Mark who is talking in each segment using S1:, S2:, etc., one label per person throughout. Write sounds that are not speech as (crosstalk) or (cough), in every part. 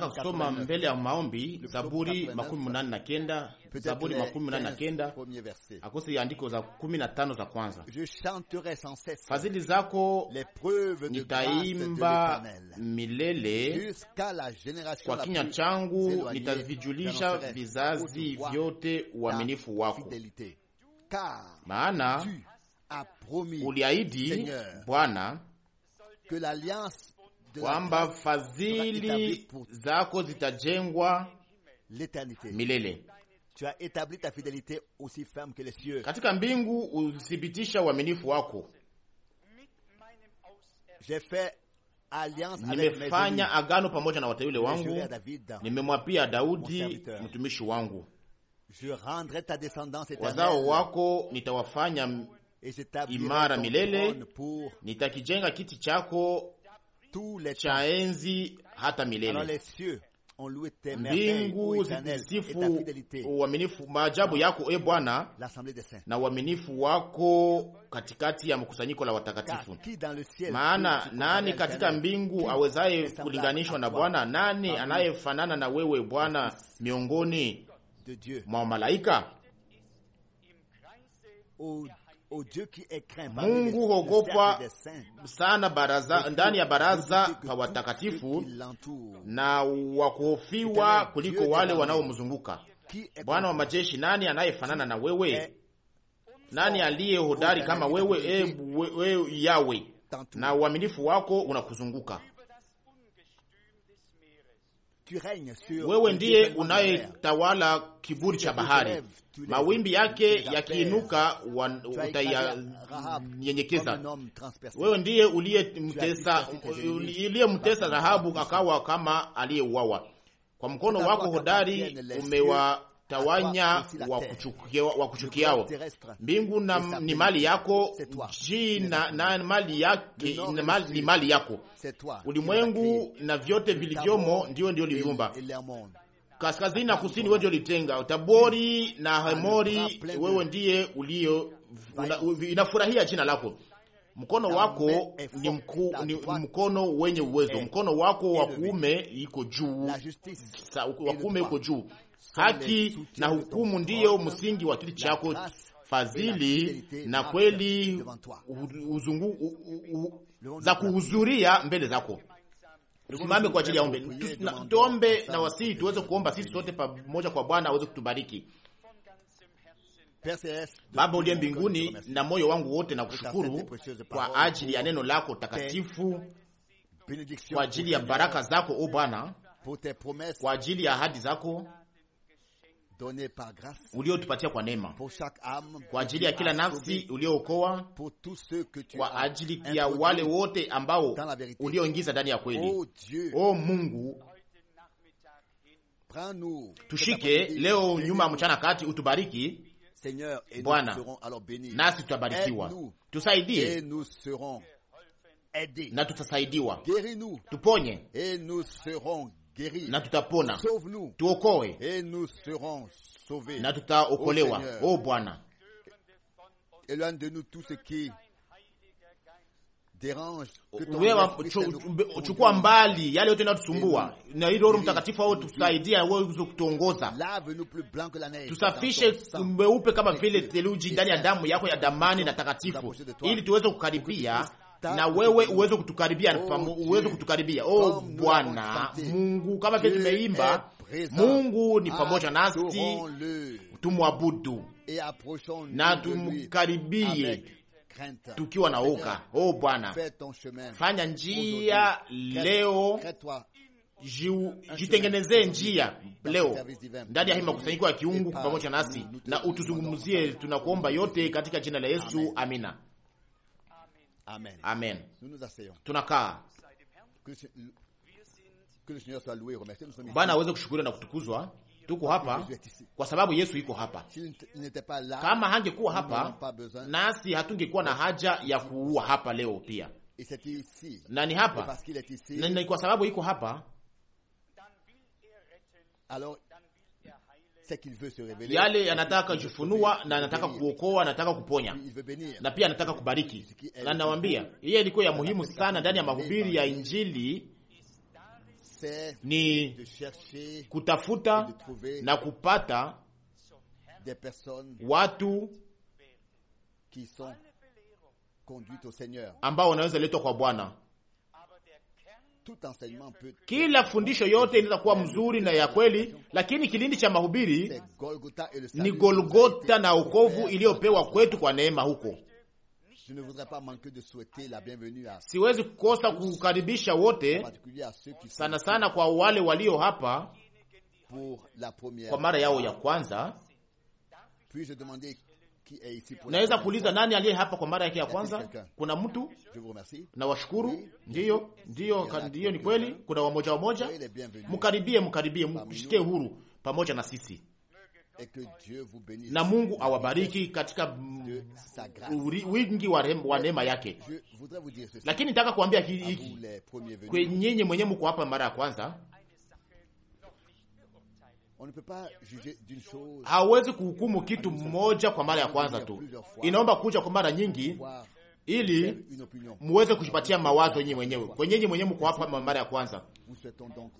S1: kusoma mbele ya maombi Zaburi makumi munane na kenda Zaburi makumi munane na kenda akose andiko za kumi na tano za kwanza. Fadhili zako nitaimba milele,
S2: kwa kinywa changu nitavijulisha vizazi vyote uaminifu wako,
S1: maana
S2: uliahidi
S1: Bwana kwamba fadhili zako zitajengwa milele katika mbingu. Uthibitisha uaminifu wako.
S2: Nimefanya
S1: agano pamoja na wateule wangu, nimemwapia Daudi mtumishi wangu, wazao wako nitawafanya imara milele, nitakijenga kiti chako cha enzi hata milele. Mbingu zisifu uaminifu maajabu yako, e Bwana, na uaminifu wako katikati ya mkusanyiko la watakatifu.
S2: Maana nani katika mbingu awezaye kulinganishwa na Bwana?
S1: Nani anayefanana na wewe Bwana miongoni mwa malaika?
S2: Mungu huogopwa
S1: sana baraza, ndani ya baraza pa watakatifu na wakuhofiwa kuliko wale wanaomzunguka. Bwana wa majeshi, nani anayefanana na wewe? Nani aliye hodari kama wewe? E, we, we, Yawe, na uaminifu wako unakuzunguka wewe ndiye unayetawala kiburi cha bahari, mawimbi yake yakiinuka utayanyenyekeza. Wewe ndiye uliyemtesa Rahabu akawa kama aliyeuawa. Kwa mkono wako hodari umewa tawanya wa kuchukiao. Mbingu na ni mali yako, nchi na, na mali yake ni mali yako, ulimwengu na vyote vilivyomo, ndio ndio liumba kaskazini na kusini, wewe ndio litenga Tabori na hemori wewe ndiye ulio inafurahia jina lako. Mkono wako ni, mku, ni mkono wenye uwezo. Mkono wako wa kuume iko juu, wa kuume iko juu Haki na hukumu ndiyo msingi wa kiti chako, fadhili na kweli uzungu za kuhudhuria mbele zako. Tusimame kwa ajili ya ombe, tuombe na wasii, tuweze kuomba sisi sote pamoja kwa Bwana aweze kutubariki. Baba uliye mbinguni, na moyo wangu wote na kushukuru kwa ajili ya neno lako takatifu, kwa ajili ya baraka zako o Bwana,
S2: kwa ajili ya ahadi zako
S1: uliotupatia kwa neema, kwa ajili ya kila nafsi uliookoa, kwa ajili ya wale wote ambao ulioingiza ndani ya kweli. O oh oh Mungu, tushike leo nyuma ya mchana kati, utubariki Bwana, nasi tutabarikiwa. Tusaidie na tutasaidiwa, tuponye na tutapona, tuokoe
S2: na tutaokolewa. O oh,
S1: Bwana, chukua mbali yale yote inayotusumbua, na hii Roho Mtakatifu ao tusaidia, aweze kutuongoza, tusafishe meupe kama vile theluji ndani ya damu yako ya damani na takatifu, ili tuweze kukaribia na wewe uweze kutukaribia uweze kutukaribia. Oh Bwana Mungu, kama vile tumeimba, Mungu ni pamoja nasi, tumwabudu na tumkaribie tukiwa na oga. Oh Bwana,
S2: fanya njia leo,
S1: jitengenezee njia leo ndani ya hii makusanyiko ya kiungu pamoja nasi, na utuzungumzie, tunakuomba yote katika jina la Yesu, amina. Amen. Amen. Tunakaa. Bwana aweze kushukuriwa na kutukuzwa. Tuko hapa kwa sababu Yesu iko hapa.
S2: Kama hangekuwa hapa,
S1: nasi hatungekuwa na haja ya kuua hapa leo pia,
S2: na ni hapa na ni kwa sababu iko hapa yale anataka
S1: jifunua na anataka kuokoa, anataka kuponya na pia anataka kubariki. Na nawambia hiyo ilikuwa ya muhimu sana ndani ya mahubiri ya Injili ni kutafuta na kupata watu ambao wanaweza letwa kwa Bwana kila fundisho yote inaweza kuwa mzuri na ya kweli, lakini kilindi cha mahubiri ni Golgota na ukovu iliyopewa kwetu kwa neema huko. Siwezi kukosa kukaribisha wote, sana sana kwa wale walio hapa
S2: kwa mara yao ya
S1: kwanza.
S2: Naweza kuuliza nani aliye
S1: hapa kwa mara yake ya kwanza? Kuna mtu? Na washukuru. Ndiyo, ndiyo, ndiyo, ni kweli. Kuna wamoja wamoja, mkaribie, mkaribie, mshike huru pamoja na sisi, na Mungu awabariki katika wingi wa neema yake. Lakini nitaka kuambia hiki kwenyenye mwenyewe mko hapa mara ya kwanza hawezi kuhukumu kitu mmoja kwa mara ya kwanza tu, inaomba kuja kwa mara nyingi ili muweze kujipatia mawazo yenyewe mwenyewe nyinyi mwenyewe mko hapa mara ya kwanza.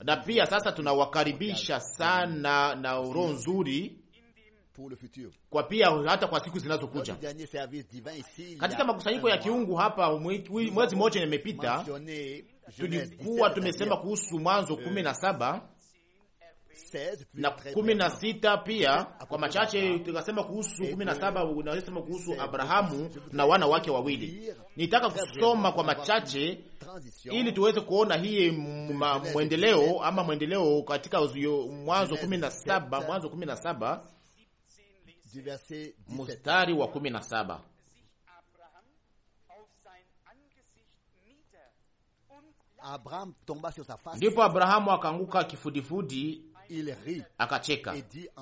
S1: Na pia sasa tunawakaribisha sana na roho nzuri kwa pia hata kwa siku zinazokuja katika makusanyiko ya kiungu hapa. Mwezi mmoja imepita, tulikuwa tumesema kuhusu Mwanzo kumi na saba na kumi na sita pia kwa machache tukasema kuhusu kumi na saba unasema kuhusu Abrahamu na wana wake wawili. Nitaka kusoma kwa machache ili tuweze kuona hii mwendeleo ama mwendeleo katika Mwanzo kumi na saba Mwanzo kumi na saba mstari wa kumi na saba. Ndipo Abrahamu akaanguka kifudifudi akacheka,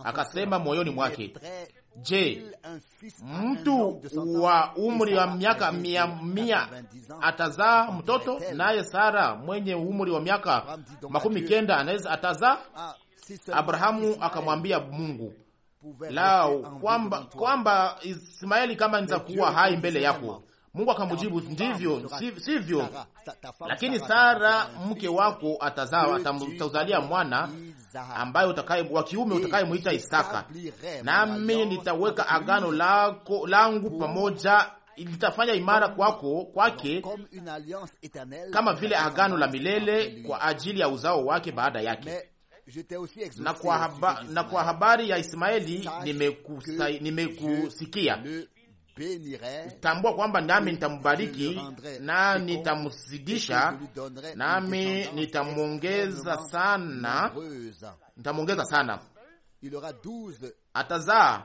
S1: akasema moyoni mwake, je, mtu wa umri wa miaka mia mia atazaa mtoto? Naye Sara mwenye umri wa miaka makumi kenda anaweza atazaa? Ah, Abrahamu akamwambia Mungu lao kwamba kwamba Ismaeli kama niza kuwa hai mbele yako. Mungu akamjibu ndivyo, sivyo, lakini Sara mke wako atazaa, atauzalia mwana ambaye utakaye wa kiume utakayemwita Isaka, nami nitaweka agano lako langu pamoja litafanya imara kwako kwake kama vile agano la milele kwa ajili ya uzao wake baada yake. Na kwa, haba, na kwa habari ya Ismaeli nimekusikia, tambua kwamba nami nitambariki na nitamzidisha, nami nitamwongeza sana, nitamwongeza sana. Atazaa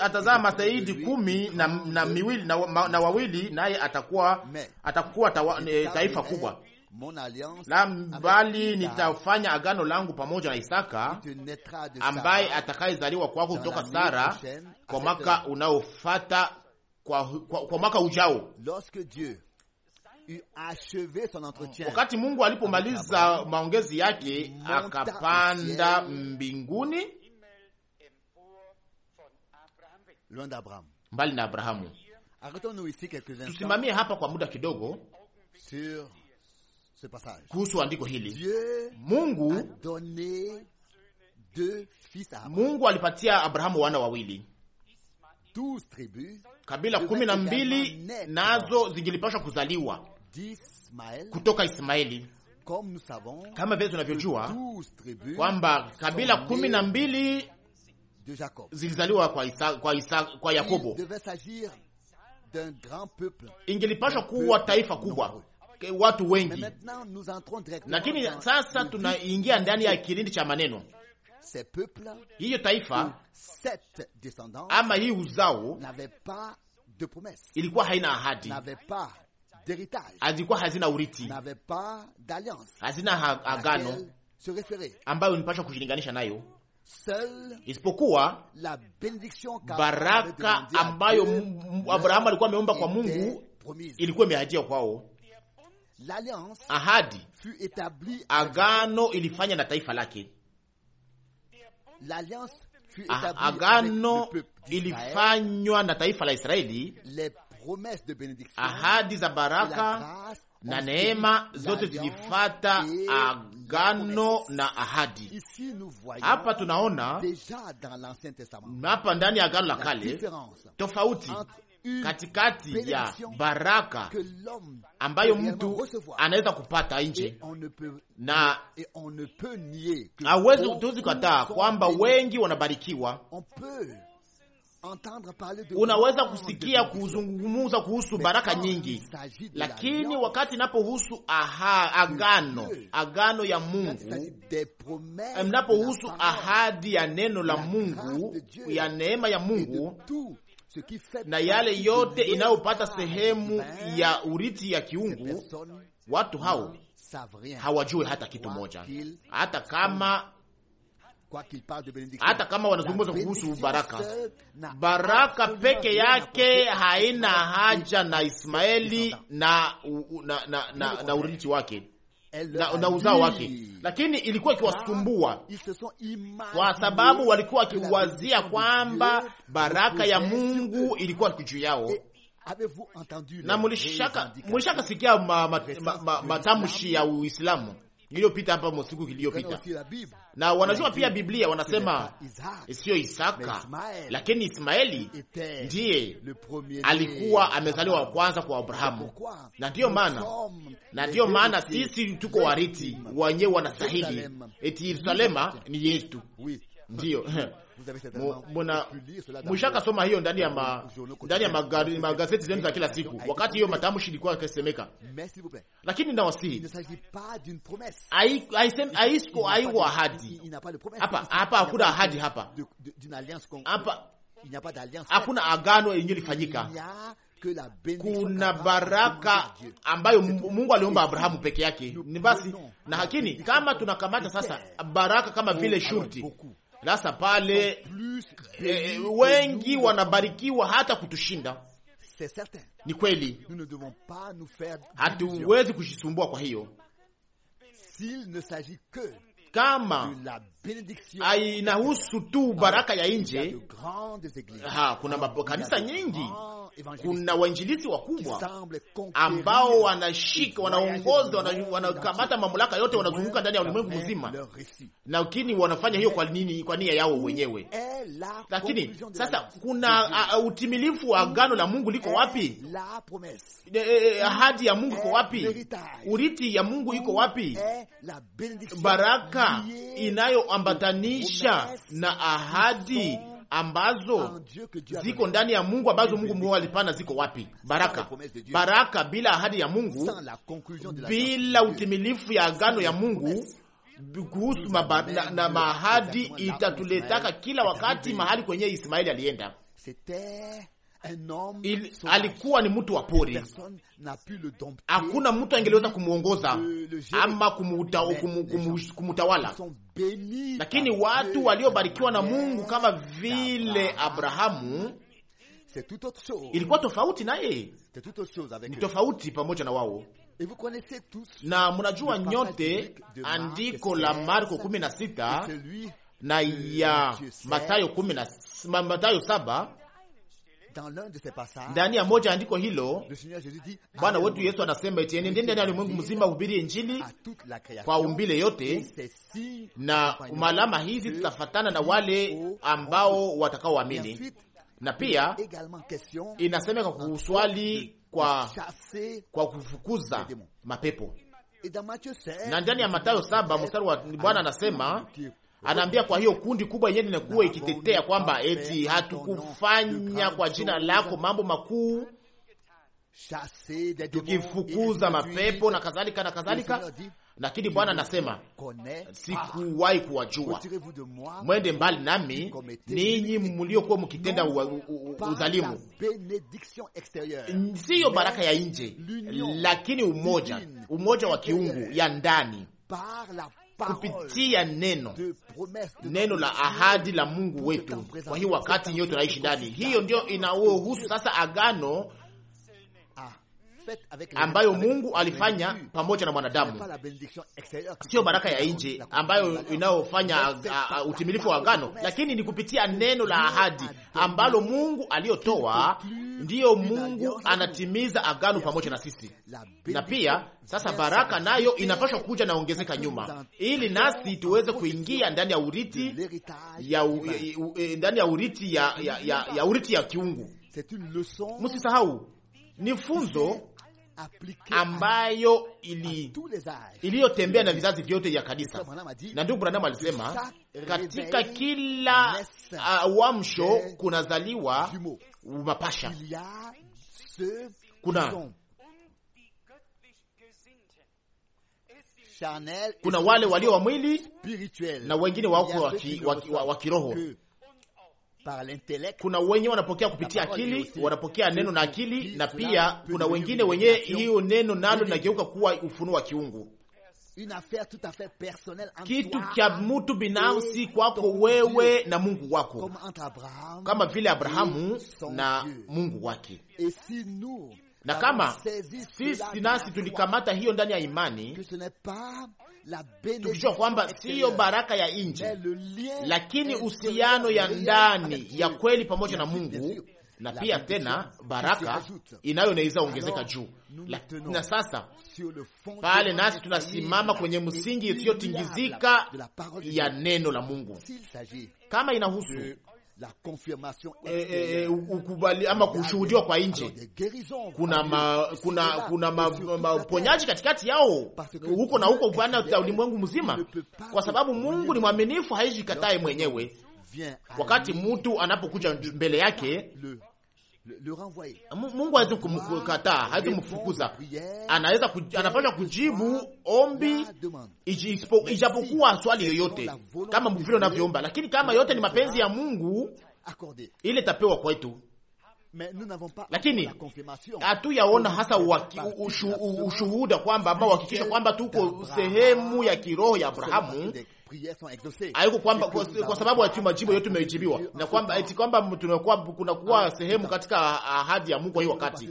S1: atazaa masaidi kumi na, na miwili na, na wawili naye atakuwa, atakuwa eh, taifa kubwa na mbali nitafanya agano langu pamoja na Isaka ambaye atakayezaliwa kwako kutoka Sara kwa mwaka unaofata kwa, kwa, kwa mwaka ujao. Wakati Mungu alipomaliza maongezi yake, akapanda mbinguni mbali na Abrahamu. Tusimamie hapa kwa muda kidogo Sur kuhusu andiko hili. Mungu Mungu alipatia Abrahamu wana wawili, kabila kumi na mbili nazo zingilipashwa kuzaliwa kutoka Ismaeli. Kama vile tunavyojua kwamba kabila kumi na mbili zilizaliwa kwa, Isa, kwa, Isa, kwa Yakobo, ingelipashwa kuwa taifa kubwa Eh, watu wengi, lakini sasa tunaingia ndani ya kilindi cha maneno hiyo. Taifa ama hii uzao ilikuwa haina ahadi, hazikuwa hazina uriti, hazina agano ambayo unipasha kujilinganisha nayo isipokuwa
S2: baraka ambayo
S1: Abrahamu alikuwa ameomba kwa Mungu ilikuwa imeajiwa kwao ahadi agano ilifanya na taifa lake.
S2: Ah, agano
S1: ilifanywa na taifa la Israeli. Ahadi za baraka na neema zote zilifata agano na ahadi. Hapa tunaona hapa ndani ya agano la kale tofauti katikati ya baraka ambayo mtu anaweza kupata nje, na awezi tuwezi kataa kwamba wengi wanabarikiwa. Unaweza kusikia kuzungumuza kuhusu baraka nyingi, lakini wakati inapohusu agano agano ya Mungu, mnapohusu ahadi ya neno la Mungu, ya neema ya Mungu na yale yote inayopata sehemu ya urithi ya kiungu, watu hao hawajue hata kitu moja, hata kama hata kama wanazungumza kuhusu baraka. Baraka peke yake haina haja na Ismaeli na, na, na, na, na urithi wake na, na uzao wake, lakini ilikuwa ikiwasumbua kwa sababu walikuwa wakiwazia kwamba baraka ya Mungu ilikuwa juu yao
S2: na mulishaka
S1: sikia matamshi ma, ma, ma, ma ya Uislamu iliyopita hapa masiku iliyopita, na wanajua pia Biblia wanasema sio Isaka lakini Ismaeli ndiye alikuwa amezaliwa wa kwanza kwa Abrahamu, na ndiyo maana na ndiyo maana sisi tuko wariti wenyewe wanastahili, eti Yerusalema ni yetu, ndiyo (laughs) mwishakasoma hiyo ndani ya ma, ndani ya ma, magazeti zenu za kila siku, wakati hiyo matamshi ilikuwa akisemeka. Lakini nawasihi, haiko aiwa ahadi hapa hapa, hakuna ahadi hapa hapa, hakuna agano yenye lifanyika kuna baraka ambayo Mungu aliomba Abrahamu peke yake. Ni basi na hakini, kama tunakamata sasa baraka kama vile oh, shurti sasa pale eh, eh, wengi wanabarikiwa hata kutushinda. Ni kweli, hatuwezi kujisumbua. Kwa hiyo kama ainahusu tu baraka ya nje, kuna makanisa nyingi kuna wainjilisi wakubwa ambao wanashika, wanaongoza, wanakamata mamlaka yote, wanazunguka ndani ya ulimwengu mzima, lakini wanafanya hiyo kwa nini? Kwa nia yao wenyewe. Lakini sasa kuna uh, utimilifu wa agano la Mungu liko wapi? E, e, e, ahadi ya Mungu iko wapi? Uriti ya Mungu iko wapi? Baraka inayoambatanisha na ahadi ambazo ah, ziko ndani ya Mungu ambazo Mungu mwenyewe alipana ziko wapi? Baraka, baraka bila ahadi ya Mungu, bila utimilifu ya agano ya Mungu kuhusu na, na mahadi itatuletaka kila wakati mahali kwenye Ismaeli alienda Il alikuwa ni mtu wa pori, hakuna mtu angeliweza kumwongoza ama kumutawala, lakini watu waliobarikiwa na Mungu kama vile Abrahamu ilikuwa tofauti naye, ni tofauti pamoja na wao. Na mnajua nyote andiko la Marko 16 na na ya Matayo kumi na Matayo saba ndani ya moja andiko hilo Bwana wetu Yesu anasema eti nendeni ndani ya ulimwengu mzima, hubiri Injili kwa umbile yote, na malama hizi zitafatana na wale ambao watakaoamini. Na pia inasemeka kuswali kwa, kwa kufukuza mapepo na ndani ya Mathayo saba mstari wa Bwana anasema Anaambia kwa hiyo kundi kubwa yenyewe linakuwa ikitetea kwamba eti hatukufanya kwa jina lako mambo makuu, tukifukuza mapepo na kadhalika na kadhalika. Lakini Bwana anasema sikuwahi kuwajua, mwende mbali nami ninyi mliokuwa mkitenda uzalimu Siyo baraka ya nje, lakini umoja umoja wa kiungu ya ndani kupitia neno, neno la ahadi la Mungu wetu. Kwa hiyo wakati nyote tunaishi ndani, hiyo ndio inaohusu sasa agano ambayo Mungu alifanya pamoja na mwanadamu, sio baraka ya nje ambayo inayofanya utimilifu wa agano, lakini ni kupitia neno la ahadi ambalo Mungu aliyotoa, ndiyo Mungu anatimiza agano pamoja na sisi. Na pia sasa baraka nayo inapaswa kuja na ongezeka nyuma, ili nasi tuweze kuingia ndani ya uriti ya e, ndani ya uriti ya ya, ya, ya uriti ya kiungu. Msisahau ni funzo ambayo ili iliyotembea na vizazi vyote vya kanisa. Na ndugu Branham alisema katika kila uamsho kunazaliwa mapasha, kuna
S2: kuna wale walio wa mwili
S1: na wengine wako wa kiroho kuna wenye wanapokea kupitia akili, wanapokea neno na akili, na pia kuna wengine wenye hiyo neno nalo linageuka kuwa ufunuo wa kiungu, kitu cha mtu binafsi kwako wewe na Mungu wako, kama vile Abrahamu na Mungu wake na kama
S2: sisi nasi tulikamata
S1: hiyo ndani ya imani, tukijua kwamba siyo baraka ya nje, lakini uhusiano ya ndani ya kweli pamoja na Mungu, na pia tena baraka inayonaweza ongezeka juu. Na sasa pale nasi tunasimama kwenye msingi isiyotingizika ya neno la Mungu, kama inahusu E, e, ukubali ama kushuhudiwa kwa nje. Kuna ma, kuna kuna maponyaji ma, katikati yao huko na huko upande wa ulimwengu mzima, kwa sababu Mungu ni mwaminifu, haijikatae mwenyewe. Wakati mtu anapokuja mbele yake Mungu hawezi kumkataa, hawezi kumfukuza, anaweza anapasha kujibu ombi ijapokuwa swali yoyote, kama vile unavyoomba. Lakini kama yote ni mapenzi ya Mungu, ile tapewa kwetu, lakini hatuyaona hasa ushuhuda kwamba ama uhakikisha kwamba tuko sehemu ya kiroho ya Abrahamu haiko kwamba kwa, kwa sababu ati majibu yote yamejibiwa, na kwamba eti kwamba tunakuwa kunakuwa sehemu katika ahadi ya Mungu hiyo wakati,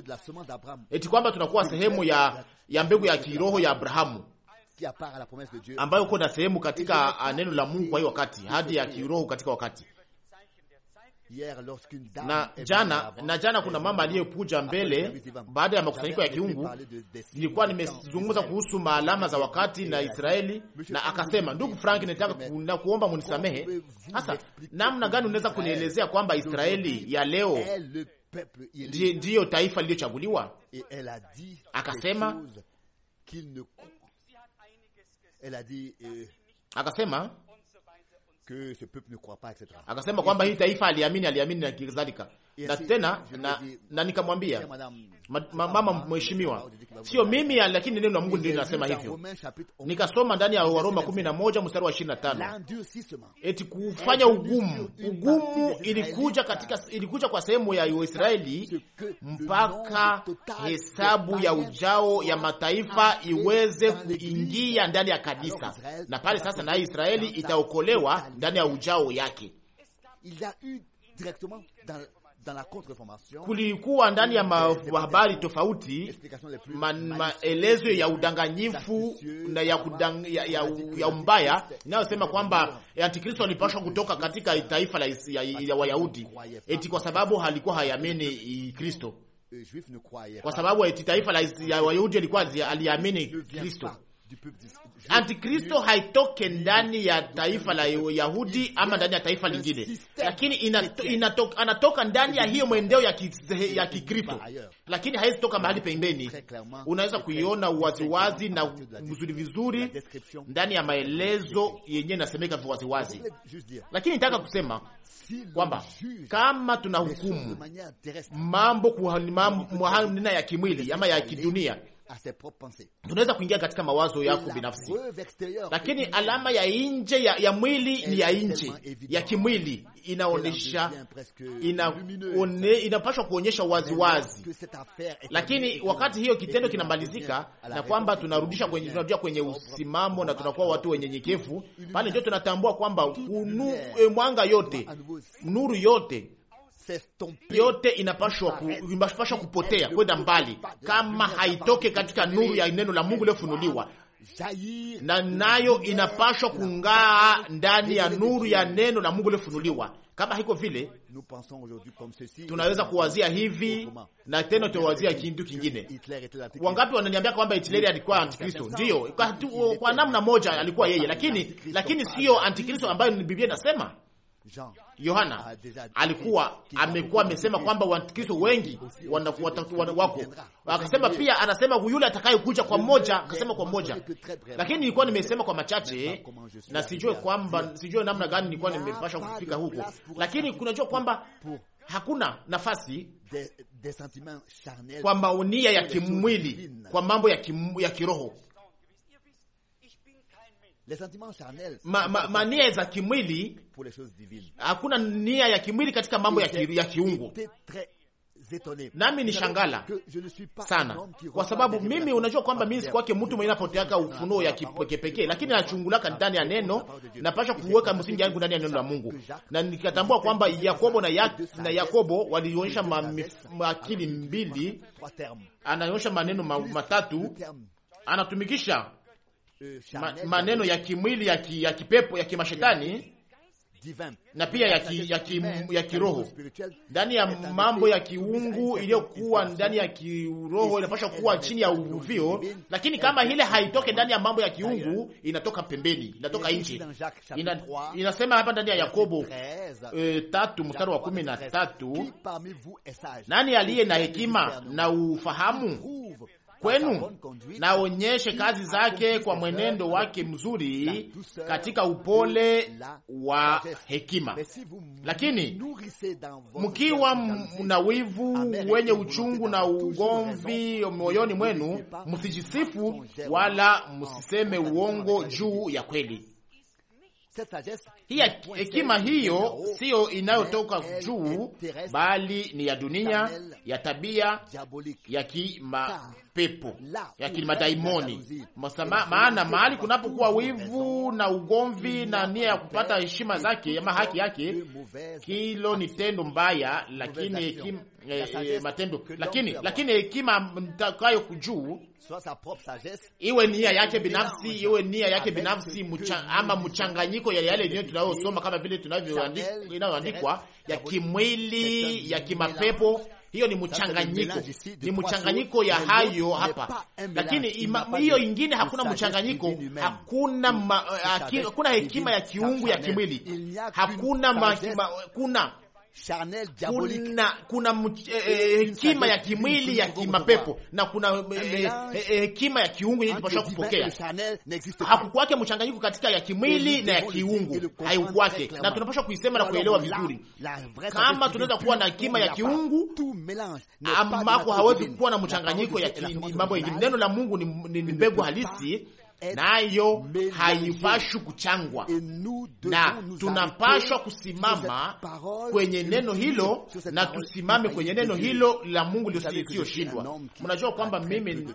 S1: eti kwamba tunakuwa sehemu ya ya mbegu ya kiroho ya Abrahamu ambayo kuna sehemu katika neno la Mungu kwa hiyo wakati, hadi ya kiroho katika wakati na jana na jana, kuna mama aliyekuja mbele baada ya makusanyiko ya kiungu. Nilikuwa nimezungumza kuhusu maalama za wakati na Israeli, na akasema, ndugu Frank, nataka kuna kuomba munisamehe. Hasa namna gani unaweza kunielezea kwamba Israeli ya leo ndiyo taifa liliyochaguliwa? Akasema
S2: euh,
S1: akasema que ce peuple ne croit pas, etc. Akasema kwamba hii taifa aliamini, aliamini na kadhalika na tena na, na nikamwambia ma, mama mheshimiwa, sio mimi lakini neno la Mungu ndilo linasema hivyo. Nikasoma ndani ya Waroma 11 mstari wa 25, eti kufanya ugumu. Ugumu ilikuja katika ilikuja kwa sehemu ya Israeli mpaka hesabu ya ujao ya mataifa iweze kuingia ndani ya kanisa, na pale sasa na Israeli itaokolewa ndani ya ujao yake
S2: kulikuwa ndani ya
S1: mahabari tofauti maelezo ma ya udanganyifu na ya, kudang, ya, ya, ya umbaya inayosema kwamba Antikristo alipashwa kutoka katika taifa la ya, ya Wayahudi eti kwa sababu halikuwa hayamini Kristo, kwa sababu eti taifa la ya Wayahudi alikuwa aliamini Kristo Antikristo haitoke ndani ya taifa la Yahudi ama ndani ya taifa lingine, lakini inato, inato, anatoka ndani ya hiyo mwendeo ya, ki, ya Kikristo, lakini haizi toka mahali mm. pembeni. Unaweza kuiona waziwazi na vizuri vizuri ndani ya maelezo yenyewe inasemeka waziwazi, lakini nitaka kusema kwamba kama tunahukumu mambo kwa mambo ya kimwili ama ya kidunia tunaweza kuingia katika mawazo yako binafsi, lakini alama ya nje ya, ya mwili ni ya nje ya kimwili, inaonyesha inapashwa kuonyesha waziwazi, lakini wakati hiyo kitendo kinamalizika na kwamba tunarudisha kwenye, tunarudia kwenye usimamo na tunakuwa watu wenye nyekevu, pale ndio tunatambua kwamba eh, mwanga yote nuru yote yote inapashwa, ku, inapashwa kupotea kwenda mbali kama haitoke katika nuru ya neno la Mungu lefunuliwa na nayo inapashwa kung'aa ndani ya nuru ya neno la Mungu lefunuliwa Kama hiko vile
S2: tunaweza kuwazia
S1: hivi na tena tuwazia kitu kingine. Wangapi wananiambia kwamba Hitleri alikuwa antikristo? ndio kwa, kwa namna moja alikuwa yeye, lakini lakini sio antikristo ambayo Biblia inasema Yohana alikuwa amekuwa amesema kwamba Wakristo wengi wako, akasema pia, anasema yule atakayekuja kwa mmoja, akasema kwa mmoja, lakini nilikuwa nimesema kwa machache na sijue kwamba sijue namna gani nilikuwa nimepasha kufika huko, lakini kunajua kwamba hakuna nafasi kwa maonia ya kimwili, kwa mambo ya, kim, ya kiroho manie za kimwili. Hakuna nia ya kimwili katika mambo ya, ki, ya kiungu. Nami ni shangala sana kwa sababu mimi, unajua kwamba mimi sikwake mtu mwenye napoteaka ufunuo ya kipekepekee, lakini nachungulaka ndani ya neno, napasha kuweka msingi yangu ndani ya neno la Mungu, na nikatambua kwamba Yakobo na, ya, na Yakobo walionyesha akili mbili, anaonyesha maneno matatu, anatumikisha Eh, ma, maneno ya kimwili ya, ki, ya kipepo ya kimashetani na pia ya, ki, ya, ki, ya kiroho ndani ya mambo ya kiungu iliyokuwa ndani ya kiroho inapasha kuwa chini ya uvuvio, lakini kama ile haitoke ndani ya mambo ya kiungu, inatoka pembeni, inatoka nje. Ina, inasema hapa ndani ya Yakobo e, tatu mstari wa kumi na tatu nani aliye na hekima na ufahamu kwenu, naonyeshe kazi zake kwa mwenendo wake mzuri katika upole wa hekima. Lakini mkiwa mna wivu wenye uchungu na ugomvi moyoni mwenu, msijisifu wala msiseme uongo juu ya kweli hekima hiyo siyo inayotoka juu, bali ni ya dunia, ya tabia, ya kimapepo, ya kimadaimoni. Maana mahali kunapokuwa wivu na ugomvi na nia ya kupata heshima zake ama haki yake, hilo ni tendo mbaya, lakini hekima matendo, lakini lakini hekima mtakayo kujuu iwe nia yake binafsi, iwe nia yake binafsi mcha, ama mchanganyiko ya yale yenyewe tunayosoma kama vile inayoandikwa ya kimwili ya kimapepo hiyo ni mchanganyiko, ni mchanganyiko ya hayo hapa, lakini hiyo ingine hakuna mchanganyiko, hakuna ma, hakuna hekima ya kiungu ya kimwili, hakuna ma, kuna charnel diabolique. Kuna, kuna eh, eh, hekima eh, ya kimwili ya kimapepo na kuna eh, hekima eh, ya kiungu yenye tupasha kupokea. Hakukwake mchanganyiko katika ya kimwili na ya kiungu, haikukwake, na tunapaswa kuisema na kuelewa vizuri. Kama tunaweza kuwa na hekima ya kiungu ambako hawezi kuwa na mchanganyiko ya mambo yenye, neno la Mungu ni mbegu halisi nayo haipashwi kuchangwa, na tunapashwa kusimama kwenye neno hilo, na tusimame kwenye neno hilo la Mungu lisiyoshindwa. Mnajua kwamba mimi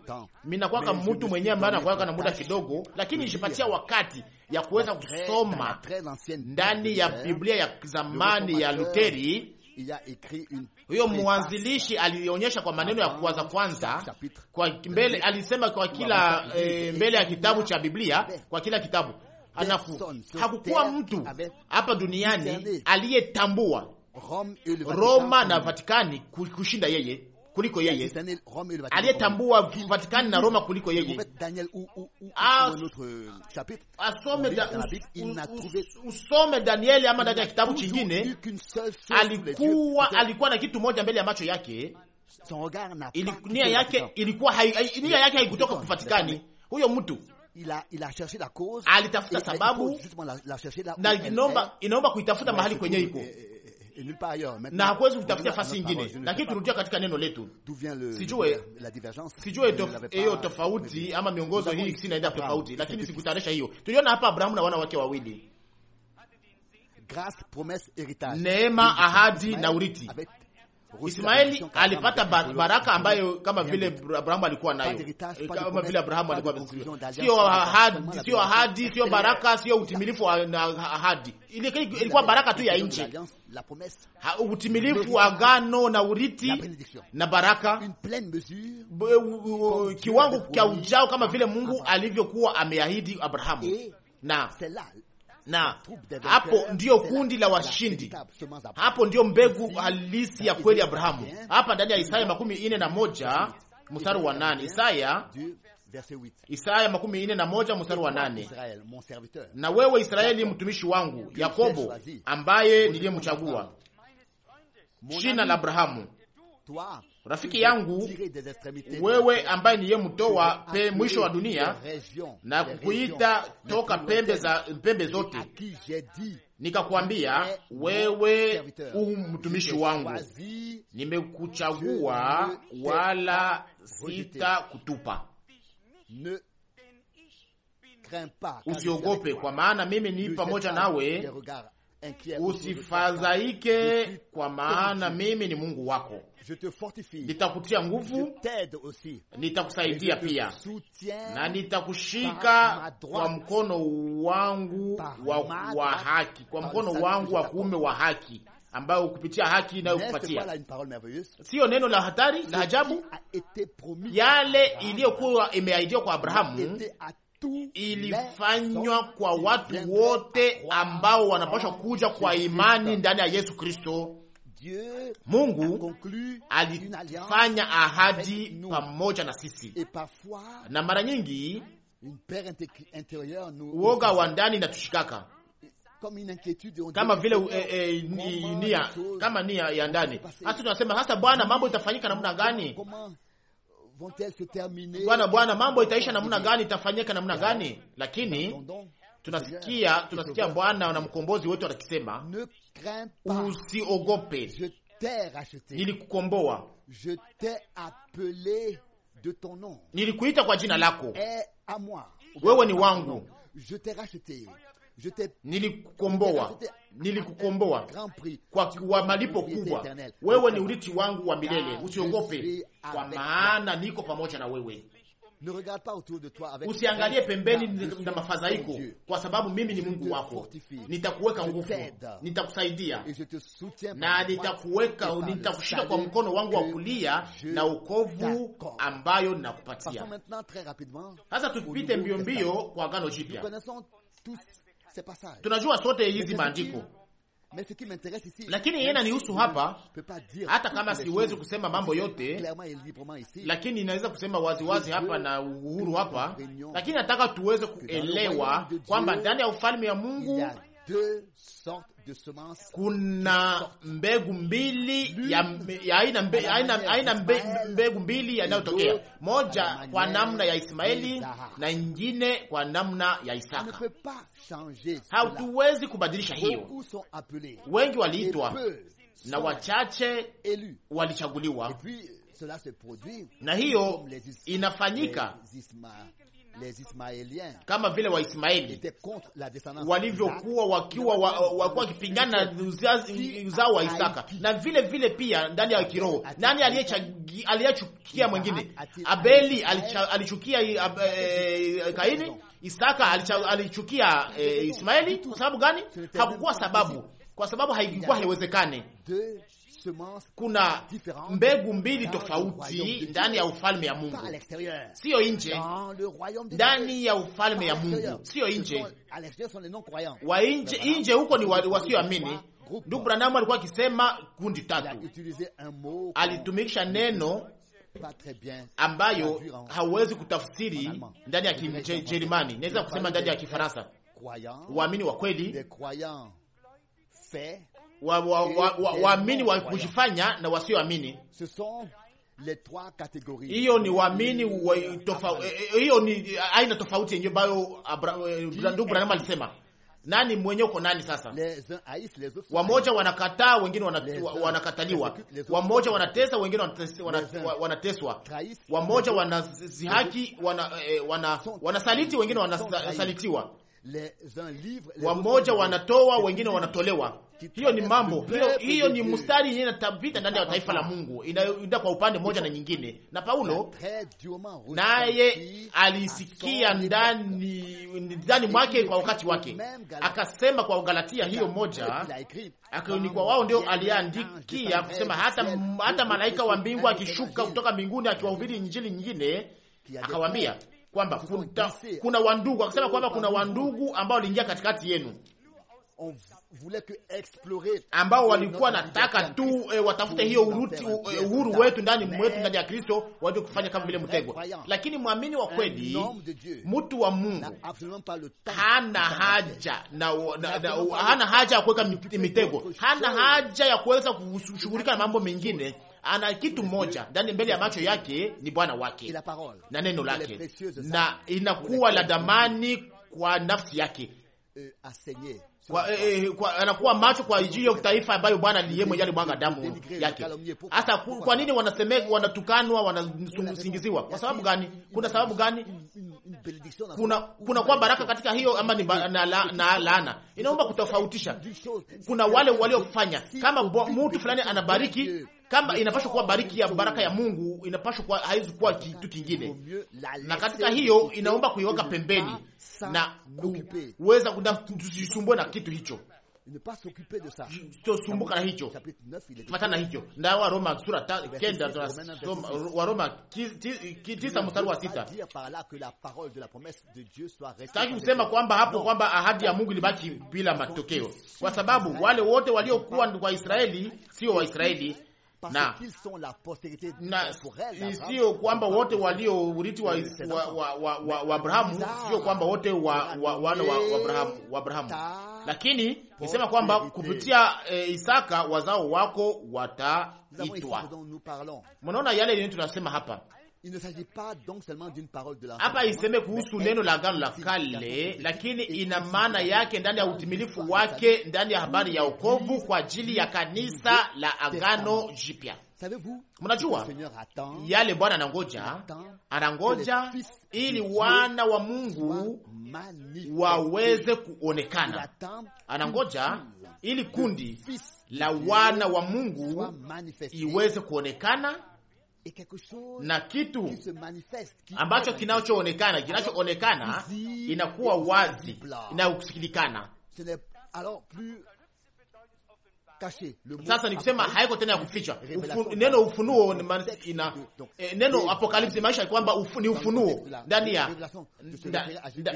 S1: minakwaka mtu mwenyewe ambaye anakwaka na muda kidogo, lakini nishipatia wakati ya kuweza kusoma ndani ya Biblia ya zamani ya Luteri huyo mwanzilishi alionyesha kwa maneno ya kwanza kwanza, kwa mbele alisema kwa kila e, mbele ya kitabu cha Biblia, kwa kila kitabu anafu. Hakukuwa mtu hapa duniani aliyetambua Roma na Vatikani kushinda yeye kuliko yeye, aliyetambua Vatikani na Roma kuliko yeye. Usome Danieli ama ndani ya kitabu chingine, alikuwa alikuwa na kitu moja mbele ya macho yake, nia yake ilikuwa nia yake haikutoka kwa Vatikani. Huyo mtu alitafuta sababu na inaomba kuitafuta mahali kwenye iko na hakuwezi kutafutia fasi ingine, lakini turudia katika neno letu. Sijue hiyo tofauti ama miongozo hii sinaenda tofauti, lakini sikutarisha hiyo. Tuliona hapa Abrahamu na wana wake wawili, neema, ahadi na urithi Ismaeli alipata baraka ambayo kama vile Abrahamu alikuwa nayo, eh, kama vile Abrahamu alikuwa, sio ahadi, sio ahadi, sio baraka, sio utimilifu wa ahadi. Ilikuwa baraka tu ya nje, utimilifu wa agano na uriti na baraka, kiwango cha ujao, kama vile Mungu alivyokuwa ameahidi Abrahamu na na hapo ndiyo kundi la washindi, hapo ndiyo mbegu halisi ya kweli Abrahamu. Hapa ndani ya Isaya makumi ine na moja mstari wa nane Isaya Isaya makumi ine na moja mstari wa nane na wewe Israeli mtumishi wangu Yakobo ambaye niliyemchagua, shina la Abrahamu Rafiki yangu wewe, ambaye niliyemtoa pe mwisho wa dunia na kukuita toka pembe za pembe zote, nikakwambia wewe u mtumishi wangu, nimekuchagua wala sita kutupa, usiogope, kwa maana mimi ni pamoja nawe, usifadhaike, kwa maana mimi ni Mungu wako nitakutia nguvu, nitakusaidia pia na nitakushika kwa mkono wangu wa, wa haki, kwa mkono wangu wa kuume wa haki ambayo kupitia haki inayokupatia siyo neno la hatari la ajabu, yale iliyokuwa imeahidiwa kwa Abrahamu ilifanywa kwa watu wote ambao wanapaswa kuja kwa imani ndani ya Yesu Kristo Mungu alifanya ahadi pamoja na sisi, na mara nyingi uoga wa ndani natushikaka kama vile eh, eh, nia kama nia ya ndani. Hasa tunasema hasa, Bwana, mambo itafanyika namna gani? Bwana, Bwana, mambo itaisha namna gani? Itafanyika namna gani? Lakini tunasikia tunasikia Bwana na mkombozi wetu atakisema, usiogope, nilikukomboa, nilikuita kwa jina lako,
S2: wewe ni wangu,
S1: nilikukomboa nilikukomboa kwa, kwa malipo kubwa. Wewe ni urithi wangu wa milele, usiogope, kwa maana niko pamoja na wewe usiangalie pembeni na mafadhaiko, kwa sababu mimi ni Mungu wako, nitakuweka nguvu, nitakusaidia na nitakuweka, nitakushika kwa mkono wangu wa kulia na ukovu ambayo nakupatia. Sasa tupite mbio mbio kwa Agano Jipya. Tunajua sote hizi maandiko
S2: lakini yeye ananihusu hapa,
S1: hata kama siwezi kusema mambo yote, lakini inaweza kusema waziwazi hapa na uhuru hapa, lakini nataka tuweze kuelewa kwamba ndani ya ufalme wa Mungu kuna mbegu mbili ya aina aina mbegu mbili yanayotokea, moja kwa namna ya Ismaeli na ingine kwa namna ya Isaka. Hatuwezi kubadilisha hiyo.
S2: Wengi waliitwa na
S1: wachache walichaguliwa, na hiyo inafanyika kama vile Waismaeli walivyokuwa wakiwa wakuwa wakipingana uzao wa Isaka, na vile vile pia ndani ya kiroho, nani aliyechukia mwingine? Abeli alichukia eh, eh, Kaini, Isaka alichukia eh, Ismaeli. Kwa sababu gani? Hakukuwa sababu, kwa sababu haikuwa haiwezekani kuna mbegu mbili tofauti ndani ya ufalme ya Mungu, siyo nje. Ndani ya ufalme ya Mungu, siyo nje. Wa nje huko ni wasioamini. Ndugu Branamu alikuwa akisema kundi tatu, alitumikisha neno ambayo hauwezi kutafsiri ndani ya Kijerumani, naweza kusema ndani ya Kifaransa, waamini wa kweli waamini wa, wa, wa, wa kujifanya na wasioamini hiyo ni waamini eh, eh, hiyo ni aina tofauti yenyewe ambayo eh, ndugu Branham alisema. Nani mwenye uko nani? Sasa wamoja wanakataa, wengine wanakataliwa, wamoja wanatesa, wengine wanateswa, wamoja wanazihaki, wanasaliti, wengine wanasalitiwa wamoja wanatoa, wengine wanatolewa. Hiyo ni mambo hiyo, hiyo ni mstari yenye inatapita ndani ya taifa la Mungu, inaenda kwa upande mmoja na nyingine. Na Paulo naye alisikia ndani ndani mwake kwa wakati wake, akasema kwa Galatia hiyo moja, akaoni kwa wao ndio aliandikia kusema, hata hata malaika wa mbingu akishuka kutoka mbinguni akiwahubiri injili nyingine, akawambia kwamba kuta, kuna wandugu akasema kwamba kuna wandugu ambao waliingia katikati yenu ambao walikuwa nataka tu e, watafute hiyo eh, uhuru wetu ndani mwetu ndani ya Kristo waje kufanya kama vile mtego. Lakini mwamini wa kweli, mtu wa Mungu hana haja na, na, na, hana haja ya kuweka mitego, hana haja ya kuweza kushughulika na mambo mengine ana kitu moja ndani mbele ya macho yake ni Bwana wake na neno lake, na inakuwa la damani kwa nafsi yake
S2: e,
S1: kwa, eh, kwa, anakuwa macho kwa ajili ya taifa ambayo Bwana yeye mwenye alimwaga damu yake. Hasa kwa nini wanasemeka, wanatukanwa, wanasingiziwa kwa sababu gani? Kuna sababu gani? Kuna kuna kwa baraka katika hiyo ama ni ba, na, na, na laana. Inaomba kutofautisha. Kuna wale waliofanya kama mtu fulani anabariki kama inapaswa kuwa bariki ya baraka ya Mungu, inapaswa kuwa haizi kuwa kitu kingine, na katika hiyo inaomba kuiweka pembeni na kuweza tusisumbue na kitu hicho tosumbuka na hicho na hicho na Roma sura kenda Waroma tisa mstari wa sita. Sitaki kusema kwamba hapo kwamba ahadi ya Mungu ilibaki bila matokeo, kwa sababu wale wote waliokuwa kwa Israeli sio Israeli na, sio kwamba wote walio urithi wa, wa, wa, wa, wa, wa Abrahamu, sio kwamba wote wa, wa, wana wa, wa eh, Abrahamu, wa Abrahamu, lakini nisema kwamba kupitia e, Isaka wazao wako wataitwa. Mnaona yale yenye tunasema hapa hapa iseme kuhusu neno la agano la kale, lakini ina maana yake ndani ya utimilifu wake ndani ya habari ya wokovu kwa ajili ya kanisa la agano jipya. Mnajua yale Bwana anangoja, anangoja ili wana wa Mungu waweze kuonekana. Anangoja ili kundi la wana wa Mungu iweze kuonekana na kitu ambacho kinachoonekana kinachoonekana inakuwa wazi inakusikilikana. Sasa nikusema haiko tena ya kufichwa. Neno ufunuo eh, neno apokalipsi maisha kwamba ni ufunuo ndani ya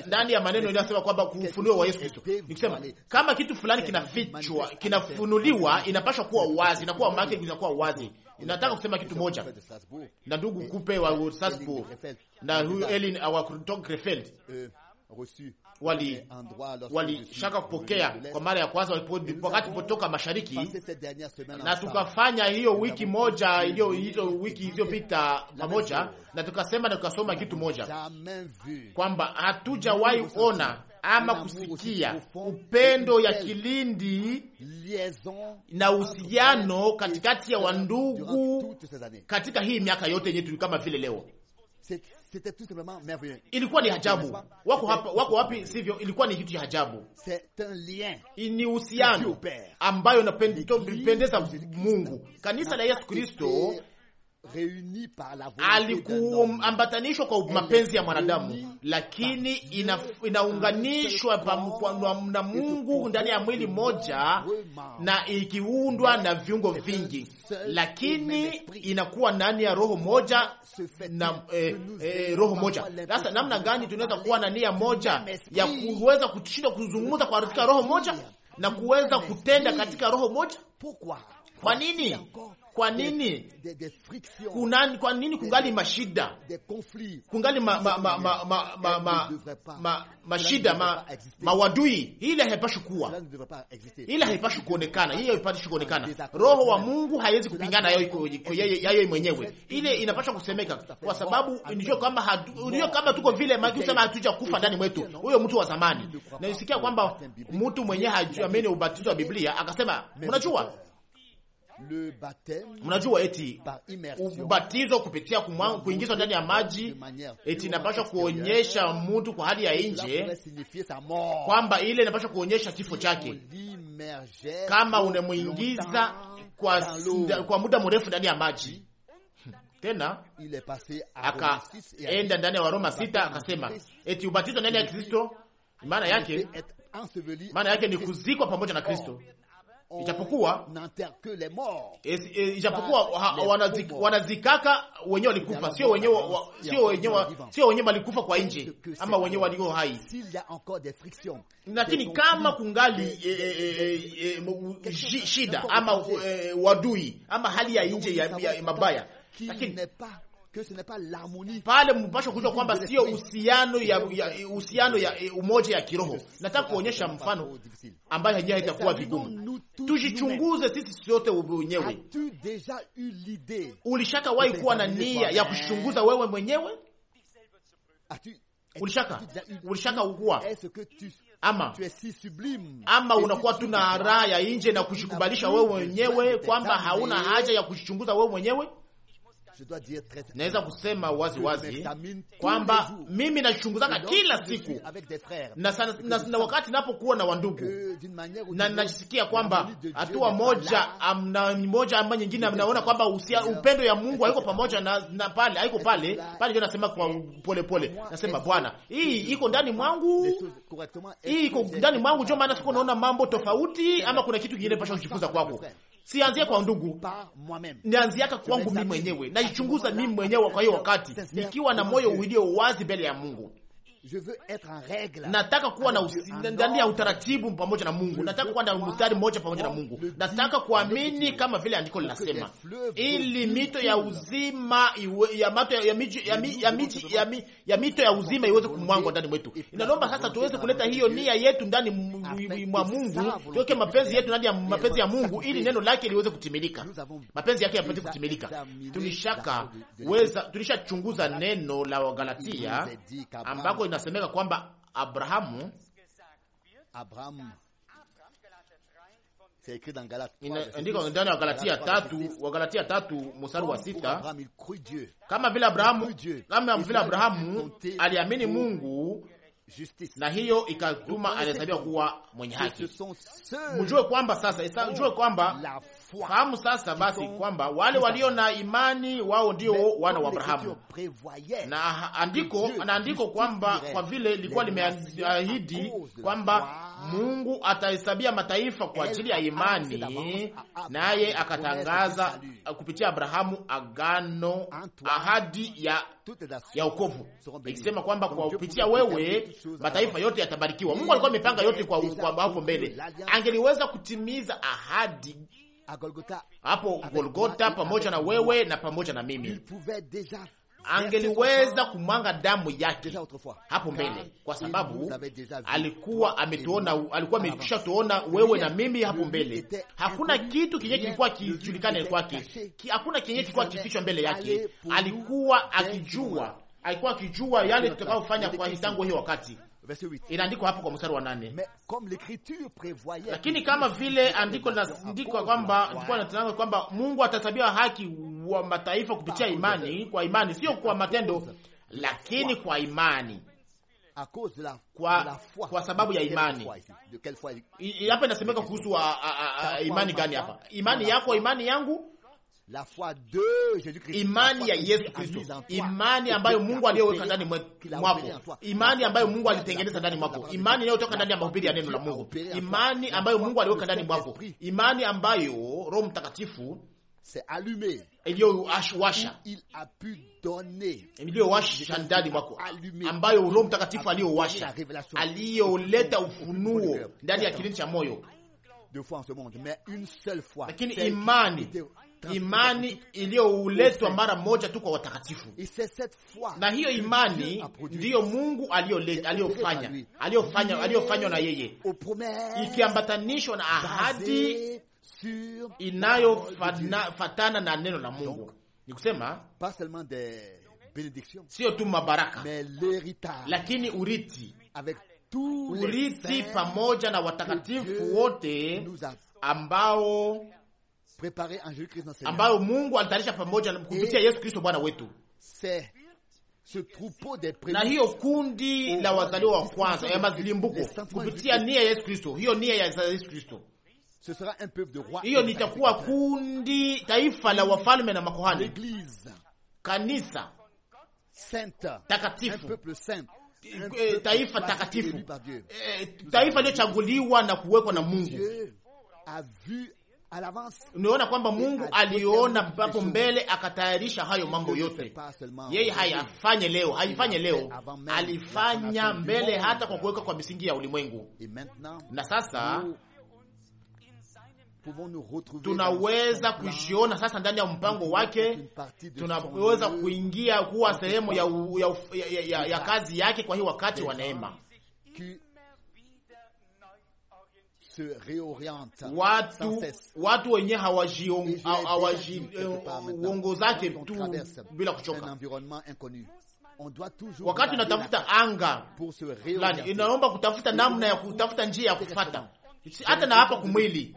S1: ndani ya maneno inasema kwamba ufunuo wa Yesu Kristo. Nikusema kama kitu fulani kinafichwa, kinafunuliwa, inapaswa kuwa wazi, inakuwa make, inakuwa wazi Nataka kusema kitu moja na ndugu Kupe wa Salzburg na huyu Elin wa Krefeld wali walishaka kupokea kwa mara ya kwanza wakati potoka mashariki, na tukafanya hiyo wiki moja hiyo hizo wiki iliyopita pamoja, na tukasema na tukasoma kitu moja kwamba hatujawahi ona ama kusikia upendo ya kilindi na uhusiano katikati ya wandugu katika hii miaka yote yenye tuli kama vile leo ilikuwa ni ajabu. Wako hapa, wako wapi? Sivyo, ilikuwa ni kitu cha ajabu, ni uhusiano ambayo napendeza Mungu. Kanisa la Yesu Kristo alikuambatanishwa kwa mapenzi ya mwanadamu, lakini ina, inaunganishwa na Mungu ndani ya mwili moja na ikiundwa na viungo vingi, lakini inakuwa ndani ya roho moja na eh, eh, roho moja. Sasa namna gani tunaweza kuwa na nia moja ya kuweza kushinda kuzungumza katika roho moja na kuweza kutenda katika roho moja? Kwa nini kwa nini kwa nini kungali mashida, kungali mashida, mawadui? Ile haipashi kuwa, ile haipashi kuonekana, hiyo haipashi kuonekana. Roho wa Mungu haiwezi kupingana yayo mwenyewe, ile inapasha kusemeka, kwa sababu unajua kwamba unajua kama tuko vile usema hatuja kufa ndani mwetu. Huyo mtu wa zamani, naisikia kwamba mtu mwenyewe haamini ubatizo wa Biblia akasema, unajua Mnajua eti ubatizo kupitia kuingizwa ndani ya maji eti inapashwa kuonyesha mtu kwa hali ya nje, kwamba ile inapashwa kuonyesha kifo chake. Kama unamwingiza kwa, kwa muda mrefu ndani ya maji hmm. tena
S2: akaenda
S1: ndani ya Waroma sita akasema eti ubatizo ndani ya Kristo maana yake, maana yake ni kuzikwa pamoja na Kristo ijapokuwa eh, eh, wanazikaka wenyewe walikufa, sio wenyewe sio walikufa kwa nje ama wenyewe walio hai, lakini kama kungali eh, shida ama wadui ama hali ya nje ya mabaya, lakini pale mpasha kujua kwamba sio uhusiano ya uhusiano ya umoja ya kiroho. Nataka kuonyesha mfano ambayo yenyewe itakuwa vigumu. Tujichunguze sisi sote wenyewe. Ulishaka wahi kuwa na nia ya kuchunguza wewe mwenyewe? Ulishaka ulishaka ukuwa ama ama unakuwa tu na raha ya nje na kujikubalisha wewe mwenyewe kwamba hauna haja ya kujichunguza wewe mwenyewe? naweza kusema wazi wazi kwamba mimi nachunguzaka kila siku na, sana, na, na wakati napokuwa na wandugu na najisikia kwamba hatua moja amna moja ama nyingine, naona kwamba upendo ya Mungu haiko pamoja na, na pale haiko pale pale, ndio nasema kwa pole pole, nasema Bwana, hii iko ndani mwangu, hii iko ndani mwangu, ndio maana siko naona mambo tofauti, ama kuna kitu kingine pasha kujifunza kwako sianzie kwa ndugu, nianziaka kwangu mimi mwenyewe, naichunguza mimi mwenyewe. Kwa hiyo wakati nikiwa na moyo ulio wazi mbele ya Mungu,
S2: Je veux être en règle.
S1: nataka kuwa na ndani ya utaratibu pamoja na Mungu, nataka kuwa na mstari mmoja pamoja na Mungu, nataka kuamini kama vile andiko linasema, ili mito ya uzima ya mito ya uzima iweze kumwangwa ndani mwetu. Inaomba sasa tuweze kuleta hiyo nia yetu ndani mwa Mungu, tuweke mapenzi yetu ndani ya mapenzi ya Mungu, ili neno lake liweze kutimilika, mapenzi yake yapate kutimilika. Tulishaka weza tulishachunguza neno la Wagalatia ambako inasemeka kwamba Abrahamu
S2: Abraham andiko ndani ya Galatia tatu
S1: wa Galatia tatu mstari wa sita kama vile Abrahamu kama vile Abrahamu aliamini Mungu na hiyo ikatuma anahesabiwa kuwa mwenye haki. Mjue kwamba sasa, mjue kwamba Fahamu sasa basi kwamba wale walio na imani wao ndio wana wa Abrahamu, na andiko anaandiko kwamba kwa vile ilikuwa limeahidi kwamba Mungu atahesabia mataifa kwa ajili ya imani, naye akatangaza kupitia Abrahamu agano, ahadi ya ya ukovu ikisema kwamba kwa kupitia wewe mataifa yote yatabarikiwa. Mungu alikuwa amepanga yote kwa hapo mbele, angeliweza kutimiza ahadi hapo Golgota pamoja na wewe na pamoja na mimi. Angeliweza kumwanga damu yake hapo mbele, kwa sababu alikuwa ametuona, alikuwa amekisha tuona wewe na mimi hapo mbele. Hakuna kitu kenye kilikuwa kijulikane kwake, hakuna kenye kilikuwa kifichwa mbele yake. Alikuwa akijua, alikuwa akijua yale tutakayofanya kwa tangu hiyo wakati inaandikwa hapo kwa mstari wa nane. Lakini kama vile andiko linaandikwa kwamba natangaza kwamba Mungu atatabia haki wa mataifa kupitia imani, kwa imani, sio kwa matendo, lakini kwa imani kwa, kwa sababu ya imani. Hapa inasemeka kuhusu ah, ah, ah, imani gani? Hapa imani yako, imani yangu la foi de Jésus Christ, imani ya Yesu Kristo, imani ambayo Mungu aliyoweka ndani mwako, imani ambayo Mungu alitengeneza ndani mwako, imani inayotoka ndani ya mahubiri ya neno la Mungu, imani ambayo Mungu aliweka ndani mwako, imani ambayo Roho Mtakatifu iliyowasha iliyowasha ndani mwako, ambayo Roho Mtakatifu aliyowasha, aliyoleta ufunuo ndani ya kilindi cha moyo lakini imani imani iliyouletwa mara moja tu kwa watakatifu, na hiyo imani ndiyo Mungu aliyofanya aliyofanya aliyofanywa na yeye, ikiambatanishwa na ahadi inayofatana na neno la Mungu, ni kusema sio tu mabaraka lakini urithi urithi pamoja na watakatifu wote ambao ambayo Mungu alitarisha pamoja kupitia Yesu Kristo Bwana wetu na hiyo kundi la wazaliwa wa kwanza ya malimbuko kupitia nia ya Yesu Kristo, hiyo nia ya Yesu Kristo, hiyo nitakuwa kundi taifa la wafalme na makohani, kanisa takatifu, eh, taifa takatifu, eh, taifa iliyochaguliwa na kuwekwa na Mungu Unaona kwamba Mungu aliona hapo mbele akatayarisha hayo mambo yote. Yeye hayafanye leo, haifanye leo, alifanya mbele hata kwa kuweka kwa misingi ya ulimwengu. Na sasa tunaweza kujiona sasa ndani ya mpango wake, tunaweza kuingia kuwa sehemu ya, ya, ya, ya, ya kazi yake. Kwa hiyo wakati wa neema se réoriente watu watu wenyewe hawajiongozaje euh, tu bila kuchoka. Wakati unatafuta anga inaomba kutafuta namna ya kutafuta njia ya kufata hata na hapa kumwili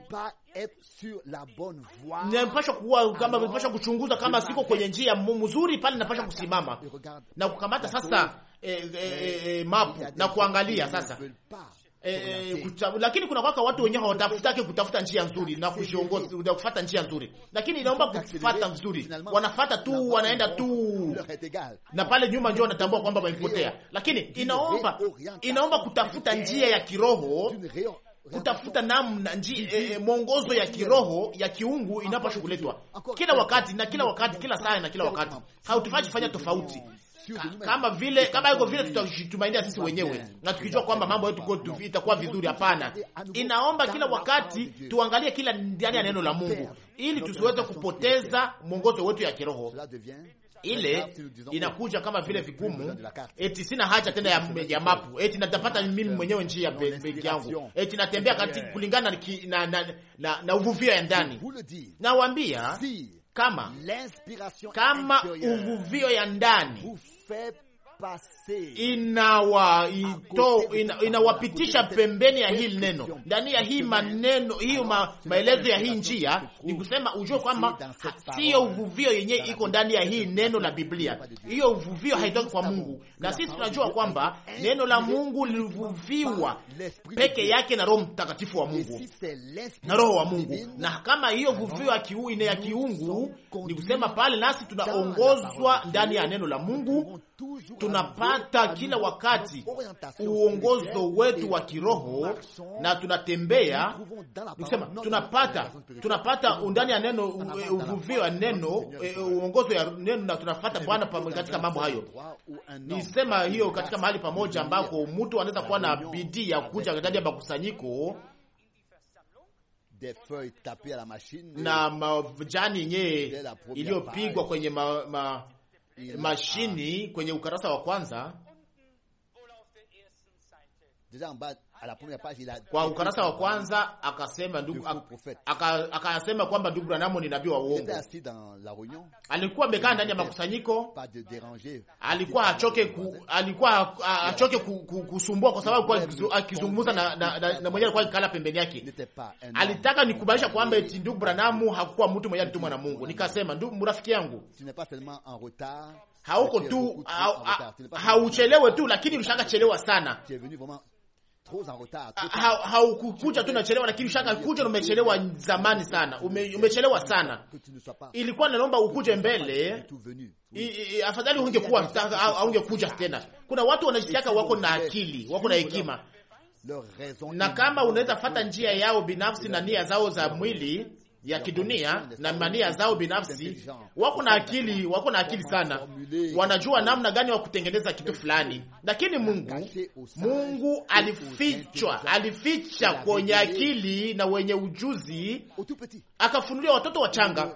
S1: napasha kuwa kama napasha kuchunguza kama siko kwenye njia mzuri pale, napasha kusimama na kukamata sasa eh, eh, eh, eh, mapu na kuangalia sasa Eh, eh, lakini kuna kwaka watu wenyewe hawatafutake kutafuta njia nzuri na kujiongoza kufata njia nzuri, lakini inaomba kufata nzuri, wanafata tu, wanaenda tu na pale nyuma, ndio wanatambua kwamba wamepotea. Lakini inaomba inaomba kutafuta njia ya kiroho, kutafuta namna njia eh, e, mwongozo ya kiroho ya kiungu inapashughuletwa kila wakati na kila wakati, kila saa na kila wakati, hautufanye fanya tofauti kama vile kama iko vile tutajitumainia sisi wenyewe na tukijua kwamba mambo yetu itakuwa vizuri. Hapana, inaomba kila wakati tuangalie kila ndani ya neno la Mungu ili tusiweze kupoteza mwongozo wetu ya kiroho ile inakuja kama vile vigumu, eti sina haja tena ya, ya mapu, eti natapata mimi mwenyewe njia peke yangu, eti natembea kati kulingana na, na, na, na, uvuvio ya ndani. Nawaambia kama kama uvuvio ya ndani inawapitisha ina, ina pembeni ya hili neno ndani ya hii maneno hiyo ma, maelezo ya hii njia ni kusema, ujue kwamba siyo uvuvio yenyewe iko ndani ya hii neno la Biblia. Hiyo uvuvio haitoki kwa Mungu, na sisi tunajua kwamba neno la Mungu lilivuviwa peke yake na Roho Mtakatifu wa Mungu na Roho wa Mungu, na kama hiyo vuvio ya kiungu ni kusema pale nasi tunaongozwa ndani ya neno la Mungu, tunapata kila wakati uongozo wetu wa kiroho na tunatembea ni kusema tunapata tunapata ndani ya neno eh, uvuvio wa neno eh, uongozo ya neno, na tunafata Bwana pamoja katika mambo hayo. Nisema hiyo katika mahali pamoja ambako mtu anaweza kuwa na bidii ya kuja ndani ya makusanyiko na majani yenyewe iliyopigwa kwenye ma, ma, mashini kwenye ukarasa wa kwanza
S2: la, kwa ukarasa wa
S1: kwanza akasema ndugu akasema kwamba ndugu Branham ni nabii wa uongo. Alikuwa amekaa ndani ya makusanyiko, alikuwa achoke ku, alikuwa achoke ku, ku, kusumbua, kwa sababu kwa akizungumza na, na, na, na mwenyewe alikuwa akikala pembeni yake. Alitaka nikubalisha kwamba eti ndugu Branham hakuwa mtu mwenye alitumwa na Mungu. Nikasema ndugu, rafiki yangu hauko tu hauchelewe tu, lakini chelewa sana haukukuja tu nachelewa, lakini shaka kuja, umechelewa zamani sana, umechelewa sana. Ilikuwa nalomba ukuje mbele, afadhali ungekuwa haungekuja tena. Kuna watu wanajisikiaka wako na akili wako na hekima, na kama unaweza fata njia yao binafsi na nia zao za mwili ya kidunia na mania zao binafsi. Wako na akili, wako na akili sana, wanajua namna gani wa kutengeneza kitu fulani, lakini Mungu, Mungu alifichwa, alificha kwenye akili na wenye ujuzi, akafunulia watoto wachanga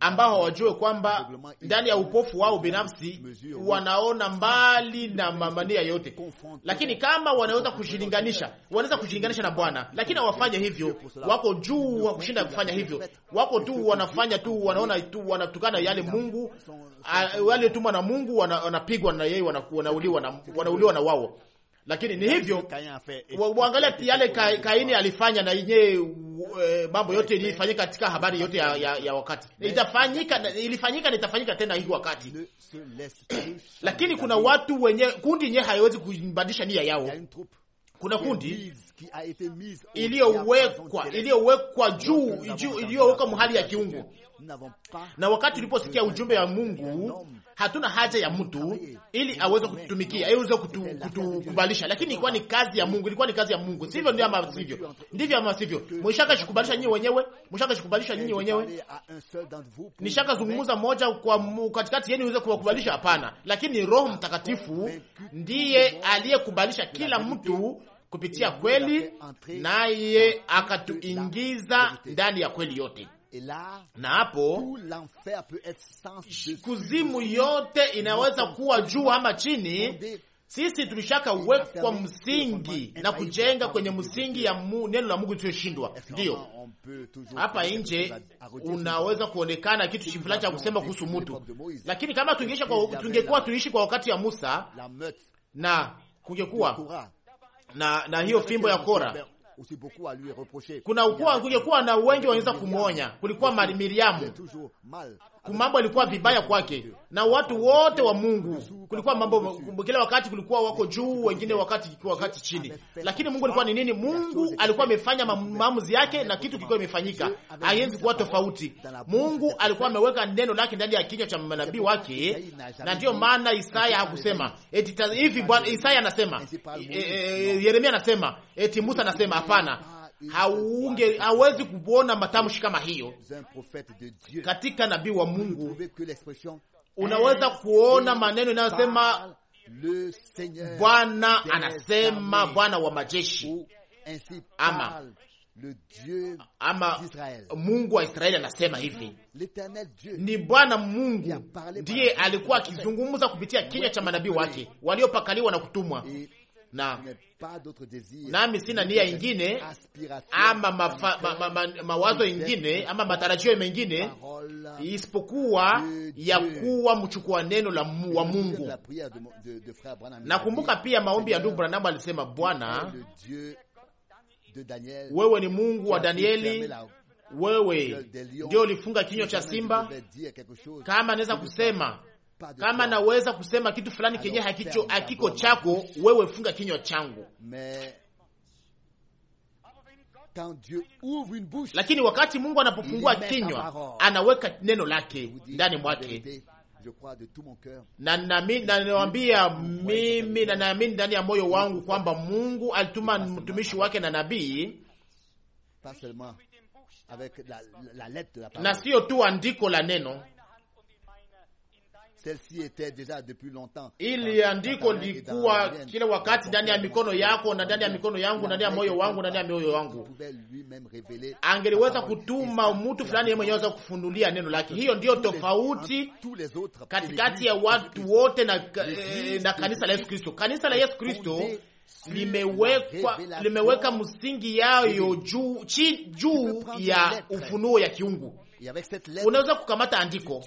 S1: ambao hawajue kwamba ndani ya upofu wao binafsi wanaona mbali na mamania yote, lakini kama wanaweza kujilinganisha, wanaweza kujilinganisha na Bwana, lakini hawafanye hivyo. Wako juu wa kushinda kufanya hivyo, wako tu wanafanya tu, wanaona tu, wanatukana yale Mungu, yale na Mungu, wanapigwa na yeye, wanauliwa na wao lakini ni hivyo eh, uangalia eh, yale eh, ka, Kaini alifanya na yeye mambo yote ilifanyika katika habari yote ya, ya, ya wakati itafanyika, ilifanyika na itafanyika tena hii wakati (clears throat) lakini kuna watu wenye kundi yenyewe haiwezi kubadilisha nia yao. Kuna kundi iliyowekwa iliyowekwa juu iliyowekwa mahali ya kiungu na wakati tuliposikia ujumbe wa Mungu, hatuna haja ya mtu ili aweze kututumikia, aweze kutukubalisha, lakini ilikuwa ni kazi ya Mungu, ilikuwa ni kazi ya Mungu, sivyo? Ndio ama sivyo? Ndivyo ama sivyo? Mwishaka shikubalisha nyinyi wenyewe, mwishaka shikubalisha nyinyi wenyewe. Nishaka zungumza moja kwa katikati yenu iweze kuwakubalisha? Hapana, lakini Roho Mtakatifu ndiye aliyekubalisha kila mtu kupitia kweli, naye akatuingiza ndani ya kweli yote na hapo kuzimu yote inaweza kuwa juu ama chini. Sisi tulishaka wekwa msingi na kujenga kwenye msingi ya neno la Mungu isiyoshindwa. ndio hapa nje unaweza kuonekana kitu fulani cha kusema kuhusu mtu, lakini kama tungekuwa tuishi kwa wakati ya Musa na kungekuwa na, na hiyo fimbo ya Kora
S2: usipokuwa aliye reproche.
S1: Kuna ukuwa kulikuwa na wengi wanaweza kumwonya, kulikuwa Mariamu mambo yalikuwa vibaya kwake, na watu wote wa Mungu kulikuwa mambo, kila wakati kulikuwa wako juu, wengine wakati wakati chini. Lakini Mungu alikuwa ni nini? Mungu alikuwa amefanya maamuzi yake na kitu kilikuwa imefanyika, haiwezi kuwa tofauti. Mungu alikuwa ameweka neno lake ndani ya kinywa cha manabii wake, na ndiyo maana Isaya hakusema eti hivi. Bwana Isaya anasema, e, e, e, Yeremia anasema, eti Musa anasema, hapana hauunge hauwezi kuona matamshi kama hiyo katika nabii wa Mungu. Unaweza kuona maneno inayosema Bwana anasema, Bwana wa majeshi ama Le Dieu ama Mungu wa Israeli anasema hivi. Ni Bwana Mungu ndiye alikuwa akizungumza kupitia kinywa cha manabii wake waliopakaliwa na kutumwa, na nami sina nia ingine ama mawazo ingine ama matarajio mengine isipokuwa ya kuwa mchukua neno la wa Mungu. Nakumbuka pia maombi ya ndugu Branamu alisema, Bwana wewe ni Mungu wa Danieli, wewe ndio ulifunga kinywa cha simba. Kama anaweza kusema kama naweza kusema kitu fulani kenye hakicho hakiko chako wewe, funga kinywa changu. Lakini wakati Mungu anapofungua kinywa, anaweka neno lake ndani mwake na ninawaambia mimi na naamini ndani ya moyo wangu kwamba Mungu alituma mtumishi wake na nabii,
S2: na sio tu
S1: andiko la neno,
S2: Celle-ci était déjà depuis longtemps.
S1: Ili andiko likuwa kila wakati ndani ya mikono yako na ndani ya mikono yangu, ndani ya moyo wangu, ndani ya moyo wangu. Angeliweza kutuma mtu fulani yeye mwenyewe kufunulia neno lake. Hiyo ndiyo tofauti katikati ya watu wote na, eh, na kanisa la Yesu Kristo. Kanisa la Yesu Kristo
S2: limewekwa limeweka
S1: msingi yayo juu juu ya ufunuo ya kiungu. Unaweza kukamata andiko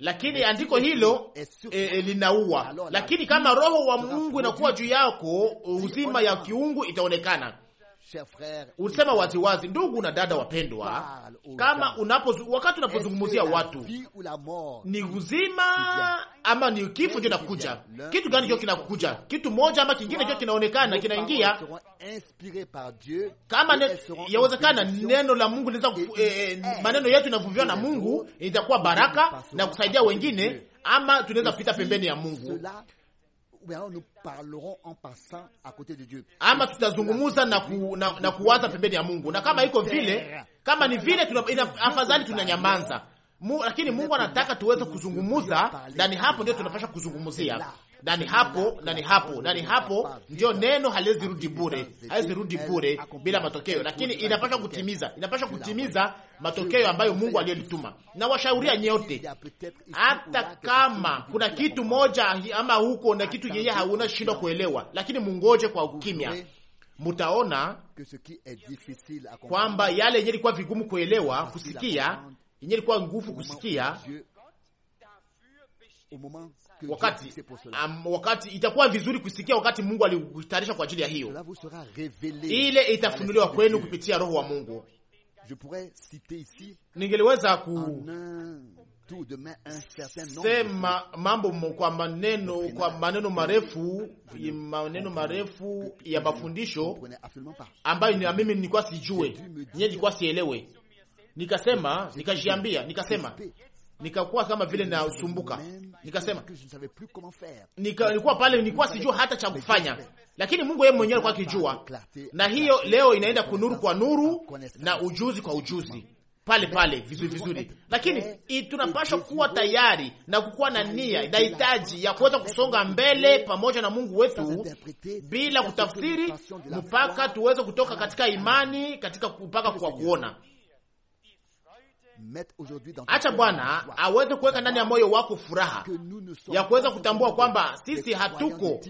S1: lakini andiko hilo e, linaua. Lakini kama roho wa Mungu inakuwa juu yako, uzima ya kiungu itaonekana usema waziwazi, ndugu na dada wapendwa, kama unapo wakati unapozungumzia watu ni uzima ama ni kifo ndio nakuja kitu gani kio kinakuja, kitu moja ama kingine kio kinaonekana kinaingia. Kama yawezekana neno la Mungu linaweza eh, eh maneno yetu inavuviwa na Mungu, itakuwa baraka na kusaidia wengine, ama tunaweza kupita pembeni ya Mungu
S2: ou nous parlerons
S1: en passant à côté de Dieu. Ama tutazungumuza na, ku, na, na kuwaza pembeni ya Mungu, na kama iko vile, kama ni vile afadhali tunanyamaza. Mu, lakini Mungu anataka tuweze kuzungumuza, na ni hapo ndio tunapasha kuzungumuzia na ni hapo na ni hapo na ni hapo ndio neno haliwezi rudi bure, haliwezi rudi bure bila matokeo, lakini inapasha kutimiza, inapasha kutimiza matokeo ambayo Mungu aliyolituma. Na washauria nyote, hata kama kuna kitu moja ama huko na kitu yeye hauna shindwa kuelewa, lakini mungoje kwa ukimya, mutaona kwamba yale yenye ilikuwa vigumu kuelewa, kusikia yenye ilikuwa nguvu kusikia wakati, um, wakati itakuwa vizuri kusikia wakati Mungu alikutayarisha kwa ajili ya hiyo, ile itafunuliwa kwenu kupitia Roho wa Mungu. Ningeliweza ku sema mambo kwa maneno kwa maneno marefu maneno marefu ya mafundisho ambayo ni mimi nilikuwa sijue, nilikuwa sielewe, nikasema nikajiambia, nikasema nikakuwa kama vile nasumbuka, nikasema nika, nilikuwa pale, nilikuwa sijua hata cha kufanya, lakini Mungu yeye mwenyewe alikuwa akijua, na hiyo leo inaenda kunuru kwa nuru na ujuzi kwa ujuzi pale pale vizuri vizuri, lakini tunapaswa kuwa tayari na kukuwa na nia na hitaji ya kuweza kusonga mbele pamoja na Mungu wetu bila kutafsiri, mpaka tuweze kutoka katika imani katika mpaka kwa kuona
S2: Acha Bwana
S1: aweze kuweka ndani ya moyo wako furaha ya kuweza kutambua kwamba sisi hatuko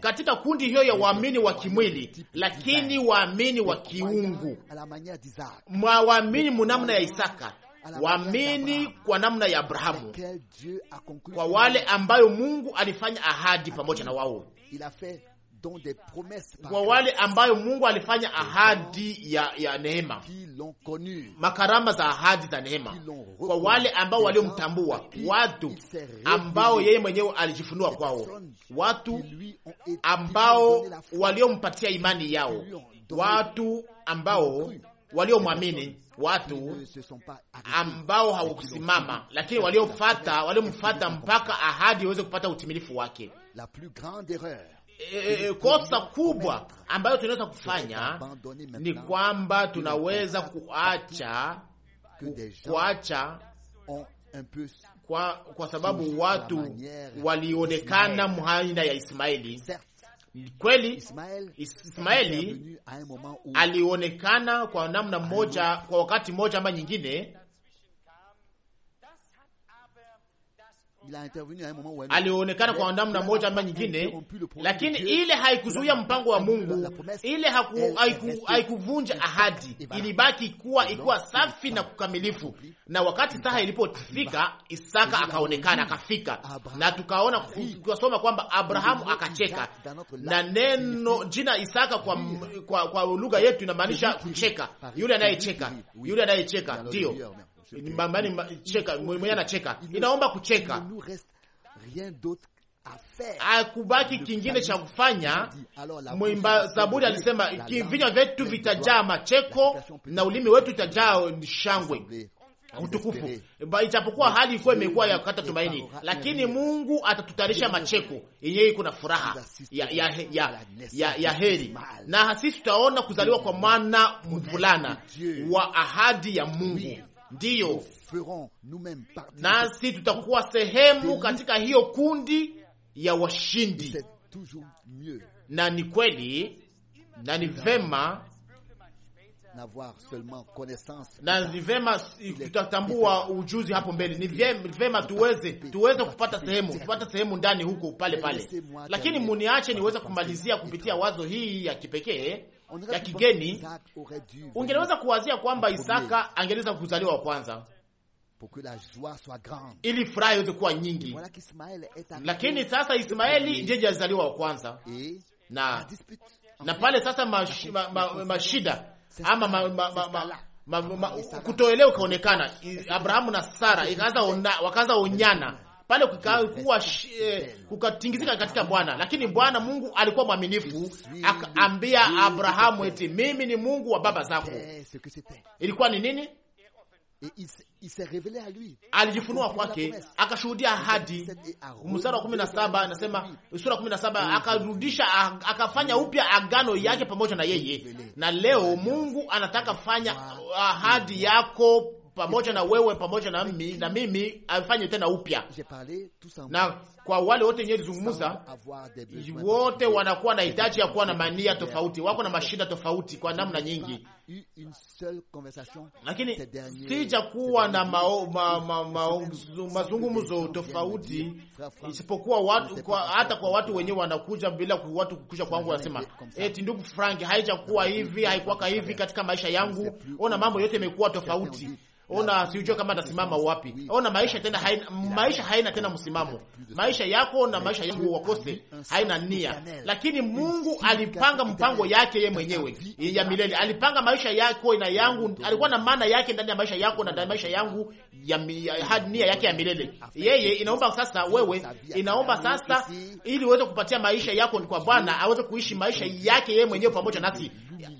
S1: katika kundi hiyo ya waamini wa kimwili, lakini waamini wa kiungu, waamini munamna ya Isaka, waamini kwa namna ya Abrahamu, kwa wale ambayo Mungu alifanya ahadi pamoja na wao kwa wale ambayo Mungu alifanya ahadi ya, ya neema, makarama za ahadi za neema kwa wale ambao waliomtambua, watu ambao yeye mwenyewe alijifunua kwao, watu ambao waliompatia imani yao, watu ambao waliomwamini watu ambao hawakusimama lakini waliofata waliomfata mpaka ahadi iweze kupata utimilifu wake. E, kosa kubwa ambayo tunaweza kufanya ni kwamba tunaweza kuacha kuacha kwa, kwa sababu watu walionekana mhaina ya Ismaeli. Kweli Ismaeli alionekana kwa namna moja, kwa wakati moja ama nyingine alionekana kwa namna moja ama nyingine, lakini ile haikuzuia mpango wa Mungu, ile haikuvunja ahadi, ilibaki kuwa ikuwa safi na kukamilifu. Na wakati saha ilipofika, Isaka akaonekana akafika, na tukaona tukasoma kwamba Abrahamu akacheka, na neno jina Isaka kwa, kwa, kwa lugha yetu inamaanisha kucheka, yule anayecheka, yule anayecheka, ndiyo mbambani cheka mwenye anacheka, inaomba kucheka, akubaki kingine cha kufanya. Mwimba Zaburi alisema vinywa vyetu vitajaa macheko na ulimi wetu utajaa shangwe utukufu. Ijapokuwa hali ikuwa imekuwa ya kukata tumaini, lakini Mungu atatutarisha macheko yenyewe iko na furaha ya, ya, ya, ya, ya heri, na sisi tutaona kuzaliwa kwa mwana mvulana wa ahadi ya Mungu ndiyo, nasi tutakuwa sehemu katika hiyo kundi ya washindi, na ni kweli na ni vema na ni vema tutatambua ujuzi hapo mbele. Ni vema tuweze tuweze kupata sehemu tupata sehemu ndani huko pale pale, lakini muniache niweze kumalizia kupitia wazo hii ya kipekee ya kigeni, ungeleweza kuwazia kwamba Isaka angeweza kuzaliwa wa kwanza ili furaha iweze kuwa nyingi, lakini sasa Ismaeli ndiye jazaliwa wa kwanza na na pale sasa mashida ma, ma, ma, ama ma, ma, ma, ma, ma, kutoelewa ukaonekana. Abrahamu na Sara wakaanza onyana pale kukakuwa eh, kukatingizika katika Bwana, lakini Bwana Mungu alikuwa mwaminifu, akaambia Abrahamu eti mimi ni Mungu wa baba zako. Ilikuwa ni nini? Alijifunua kwake, akashuhudia ahadi. Mstari wa kumi na saba anasema, sura kumi na saba akarudisha, akafanya upya agano yake pamoja na yeye. Na leo Mungu anataka fanya ahadi yako pamoja na wewe pamoja na mimi na mimi afanye tena upya. Na kwa wale wote wenye lizungumuza, wote wanakuwa na hitaji ya kuwa na mania tofauti, wako na mashida tofauti kwa namna nyingi, lakini sijakuwa na mazungumzo tofauti isipokuwa watu kwa, hata kwa watu wenyewe wanakuja bila watu kukuja kwangu wanasema eti ndugu Frank, haijakuwa hivi, haikuwaka hivi katika maisha yangu, ona mambo yote imekuwa tofauti Ona sijui kama atasimama wapi. Ona maisha tena haina, maisha haina tena msimamo. Maisha yako na maisha yako wakose haina nia. Lakini Mungu alipanga mpango yake yeye mwenyewe ya milele. Alipanga maisha yako na yangu, alikuwa na maana yake ndani ya maisha yako na ndani ya maisha yangu ya nia yake ya milele. Yeye inaomba sasa, wewe inaomba sasa, ili uweze kupatia maisha yako kwa Bwana aweze kuishi maisha yake yeye mwenyewe pamoja nasi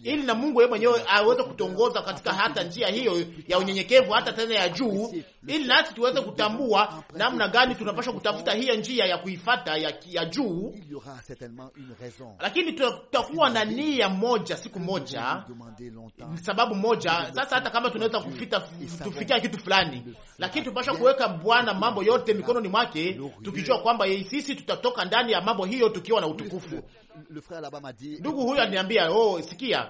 S1: ili na Mungu yeye mwenyewe aweze kutongoza katika hata njia hiyo ya unyenyekevu, hata tena ya juu, ili nasi tuweze kutambua namna gani tunapasha kutafuta hiyo njia ya kuifata ya, ya juu. Lakini tutakuwa na nia moja siku moja, sababu moja. Sasa hata kama tunaweza kufita tufikia kitu fulani, lakini tunapasha kuweka Bwana mambo yote mikononi mwake, tukijua kwamba sisi tutatoka ndani ya mambo hiyo tukiwa na utukufu.
S2: Ndugu huyo aliniambia oh, sikia,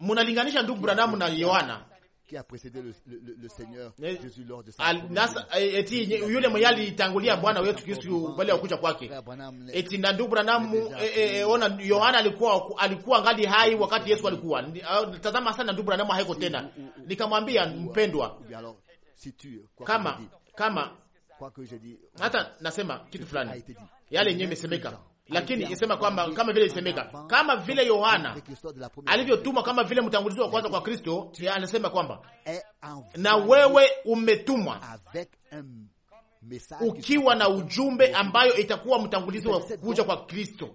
S2: mnalinganisha ndugu Branamu na Yohana qui a précédé le, le, le Seigneur eh, Jésus lors de sa
S1: eh, eti yule mwenye alitangulia Bwana wetu Kristo baada ya kuja kwake. Eti na ndugu Branham, eh, ona Yohana alikuwa alikuwa ngali hai wakati Yesu alikuwa. Tazama sana ndugu Branham haiko tena. Nikamwambia mpendwa, kama kama hata nasema kitu fulani yale yenyewe imesemeka lakini isema kwamba kama vile isemeka, kama vile Yohana alivyotumwa kama vile mtangulizi wa kwanza kwa Kristo, anasema kwamba na wewe umetumwa ukiwa na ujumbe ambayo itakuwa mtangulizi wa kuja kwa Kristo,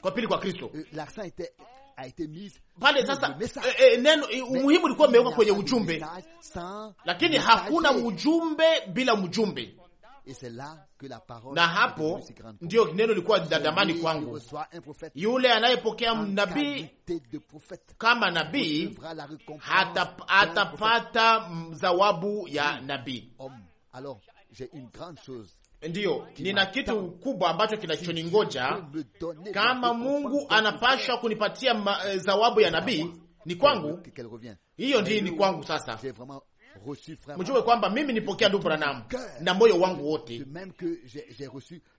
S1: kwa pili kwa Kristo euh, pale sasa, e, neno eh, umuhimu ulikuwa umewekwa kwenye ujumbe, lakini hakuna ujumbe bila mjumbe na hapo ndiyo neno likuwa dadamani kwangu, yule anayepokea nabii kama nabii hatapata zawabu ya nabii. Ndiyo, nina kitu kubwa ambacho kinachoningoja. Kama Mungu anapashwa kunipatia eh, zawabu ya nabii ni kwangu, hiyo ndiyo ni kwangu sasa mjue kwamba mimi nipokea ndugu Branham na moyo wangu wote,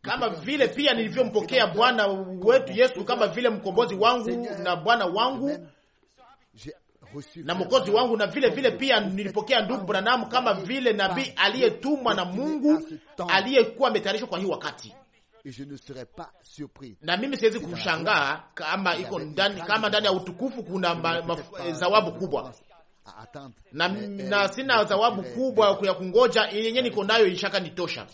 S1: kama vile pia nilivyompokea Bwana wetu Yesu kama vile mkombozi wangu na Bwana wangu na mwokozi wangu, na vile vile pia nilipokea ndugu Branham kama vile nabii aliyetumwa na Mungu aliyekuwa ametayarishwa kwa hii wakati. Na mimi siwezi kushangaa kama iko ndani, kama ndani ya utukufu kuna eh, zawabu kubwa Ah, na, na eh, eh, sina eh, zawabu kubwa ya kungoja yenye niko nayo ishaka nitosha.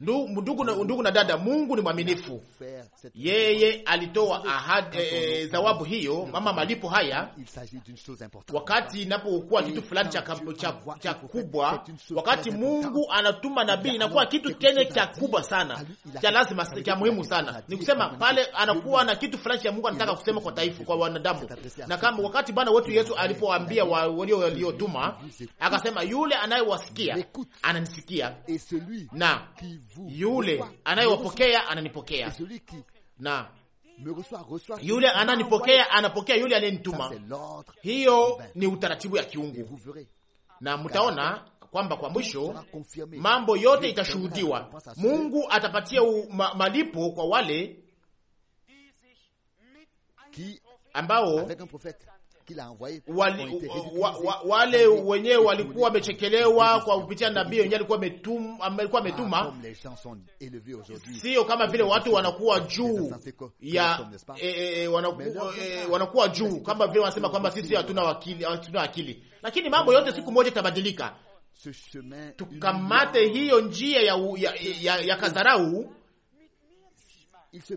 S1: Ndugu na, ndugu na dada, Mungu ni mwaminifu. Yeye alitoa ahadi eh, eh, zawabu hiyo mama malipo haya, wakati inapokuwa kitu fulani cha, cha, cha kubwa. Wakati Mungu anatuma nabii, inakuwa kitu tene cha kubwa sana, cha lazima, cha muhimu sana. Ni kusema pale anakuwa na kitu fulani cha Mungu anataka kusema kwa taifa, kwa wanadamu, na kama wakati Bwana wetu Yesu alipoambia walio waliotuma, akasema yule anayewasikia ananisikia na yule anayewapokea ananipokea, na
S2: yule ananipokea
S1: anapokea yule aliyenituma. Hiyo ni utaratibu ya kiungu, na mtaona kwamba kwa mwisho mambo yote itashuhudiwa. Mungu atapatia ma, malipo kwa wale ambao wale wenyewe walikuwa wamechekelewa kwa kupitia nabii wenyewe alikuwa ametuma, ah, sio kama vile watu wanakuwa juu ya e, e, e, wanakuwa juu kama vile wanasema kwamba sisi hatuna akili, hatuna akili, lakini mambo yote siku moja itabadilika. Tukamate hiyo njia ya, ya, ya, ya, ya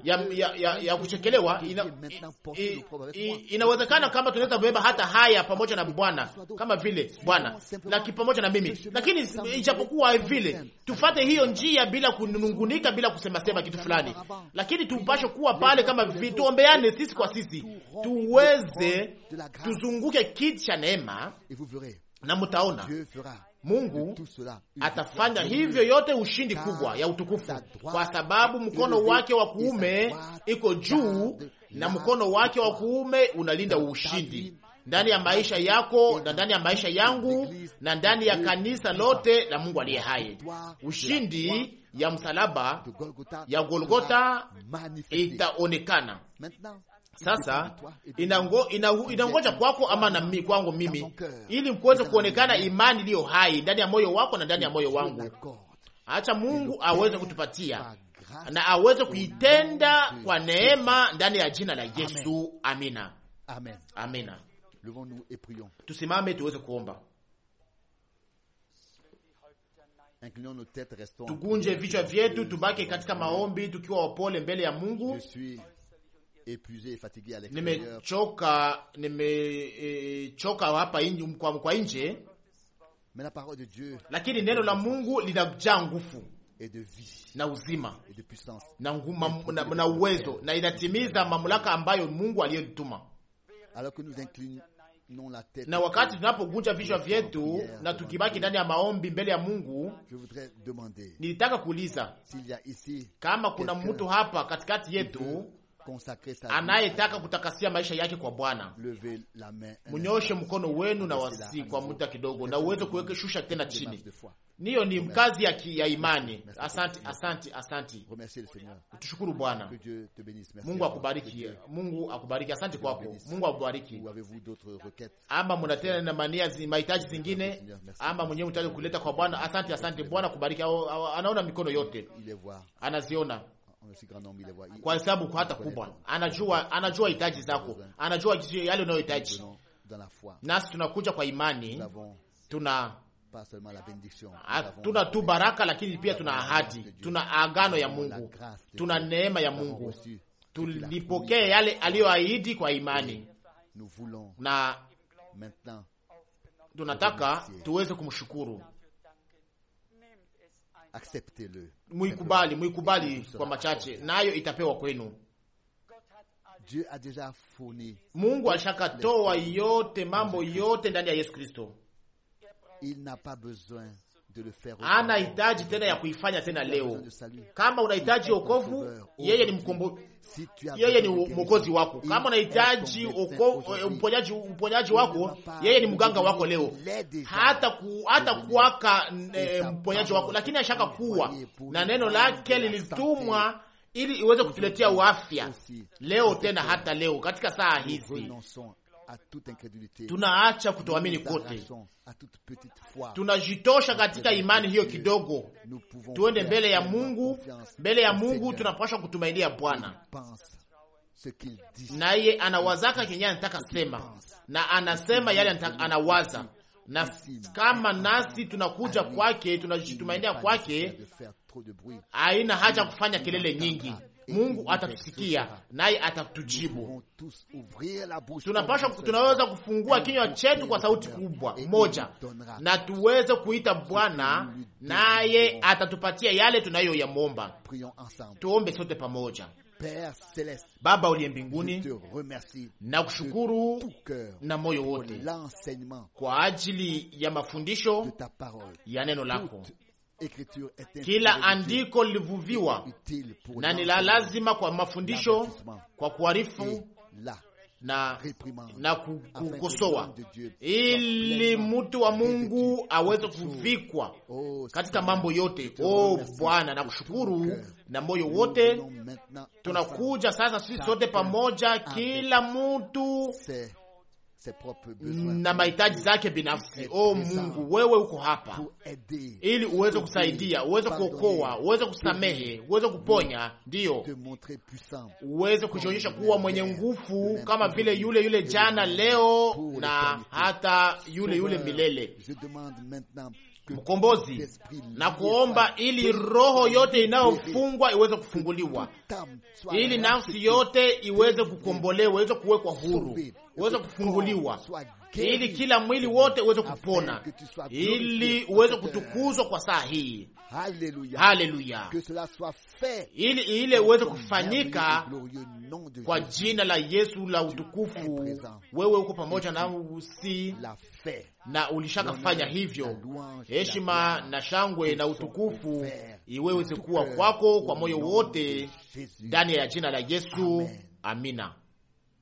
S1: ya, ya, ya, ya kuchekelewa. Inawezekana kama tunaweza kubeba hata haya pamoja na Bwana kama vile Bwana na pamoja na mimi, lakini ijapokuwa vile tufate hiyo njia bila kunungunika, bila kusemasema kitu fulani, lakini tupashe kuwa pale kama vile tuombeane sisi kwa sisi, tuweze tuzunguke kiti cha neema na mutaona Mungu atafanya hivyo yote, ushindi kubwa ya utukufu, kwa sababu mkono wake wa kuume iko juu na mkono wake wa kuume unalinda ushindi ndani ya maisha yako na ndani ya maisha yangu na ndani ya kanisa lote la Mungu aliye hai. Ushindi ya msalaba ya Golgota itaonekana sasa inangoja kwako ama na mi, kwangu mimi, ili kuweze kuonekana imani iliyo hai ndani ya moyo wako na ndani ya moyo wangu. Acha Mungu aweze kutupatia na aweze kuitenda kwa neema ndani ya jina la Yesu. Amina, amina. Tusimame tuweze kuomba. Tukunje vichwa vyetu, tubake katika maombi tukiwa wapole mbele ya Mungu
S2: épuisé et fatigué à l'extérieur.
S1: E, kwa, eh? Mais la parole de Dieu, lakini neno la Mungu linajaa nguvu et de vie na uzima et de puissance na, nguma, na, na uwezo na inatimiza mamlaka ambayo Mungu aliyotuma. Alors que nous
S2: inclinons
S1: la tête, na wakati tunapogunja vichwa vyetu na tukibaki ndani ya maombi mbele ya Mungu, je voudrais demander, nilitaka kuuliza kama kuna mtu hapa katikati yetu anayetaka kutakasia maisha yake kwa Bwana, mnyoshe mkono wenu na wasi kwa muda kidogo, na uweze kuweke shusha tena chini. Niyo ni mkazi ya, ya imani. Asanti, asanti, asanti. Tushukuru Bwana. Mungu akubariki, Mungu akubariki. Asanti kwako, Mungu akubariki. Ama muna tena na mania mahitaji zingine, ama mwenyewe mtaje kuleta kwa Bwana. Asanti, asanti. Bwana akubariki. Anaona mikono yote, anaziona kwa hesabu hata kubwa. Anajua, anajua hitaji zako, anajua yale unayohitaji, nasi tunakuja kwa imani, tuna
S2: ah, tuna tu
S1: baraka, lakini pia tuna ahadi, tuna agano ya Mungu, tuna neema ya Mungu. tulipokee yale aliyoahidi kwa imani, na tunataka tuweze kumshukuru muikubali, muikubali kwa machache, nayo itapewa kwenu. Mungu alishakatoa yote, mambo yote ndani ya Yesu Kristo ana hitaji tena ya kuifanya tena leo. Kama unahitaji okovu yeye ni mkombo, yeye ni mwokozi wako. Kama unahitaji uponyaji, uponyaji wako, yeye ni mganga wako leo, hata ku, hata kuwaka eh, mponyaji wako, lakini ashaka kuwa na neno lake lilitumwa ili iweze kutuletea uafya leo tena, hata leo katika saa hizi tunaacha kutoamini kote, tunajitosha katika imani hiyo kidogo, tuende mbele ya Mungu. Mbele ya Mungu tunapasha kutumainia Bwana, naye anawazaka kenye anataka sema na anasema yale anawaza, na kama nasi tunakuja kwake, tunajitumainia kwake, haina haja kufanya kelele nyingi Mungu atatusikia naye atatujibu. Tunapasha, tunaweza kufungua kinywa chetu kwa sauti kubwa moja, na tuweze kuita Bwana naye atatupatia yale tunayoyamomba. Tuombe sote pamoja. Baba uliye mbinguni, na kushukuru na moyo wote kwa ajili ya mafundisho ya neno lako kila andiko lilivuviwa na ni la lazima kwa mafundisho, kwa kuarifu na, na kukosoa ili mtu wa Mungu aweze kuvikwa oh, katika mambo yote. O oh, Bwana na kushukuru na moyo wote. Tunakuja sasa sisi sote pamoja, kila mtu na mahitaji zake binafsi. O oh Mungu, wewe uko hapa ili uweze kusaidia, uweze kuokoa, uweze kusamehe, uweze kuponya, ndiyo uweze kujionyesha kuwa mwenye nguvu kama vile yule yule jana, leo na hata yule yule milele mkombozi na kuomba ili roho yote inayofungwa iweze kufunguliwa, ili nafsi yote iweze kukombolewa, iweze kuwekwa huru, iweze kufunguliwa, ili kila mwili wote uweze kupona, ili uweze kutukuzwa kwa saa hii. Haleluya! ili ile uweze kufanyika kwa jina la Yesu la utukufu. Wewe uko pamoja na usi na ulishakafanya hivyo. Heshima na shangwe na utukufu iweweze kuwa kwako kwa moyo wote ndani ya jina la Yesu. Amina.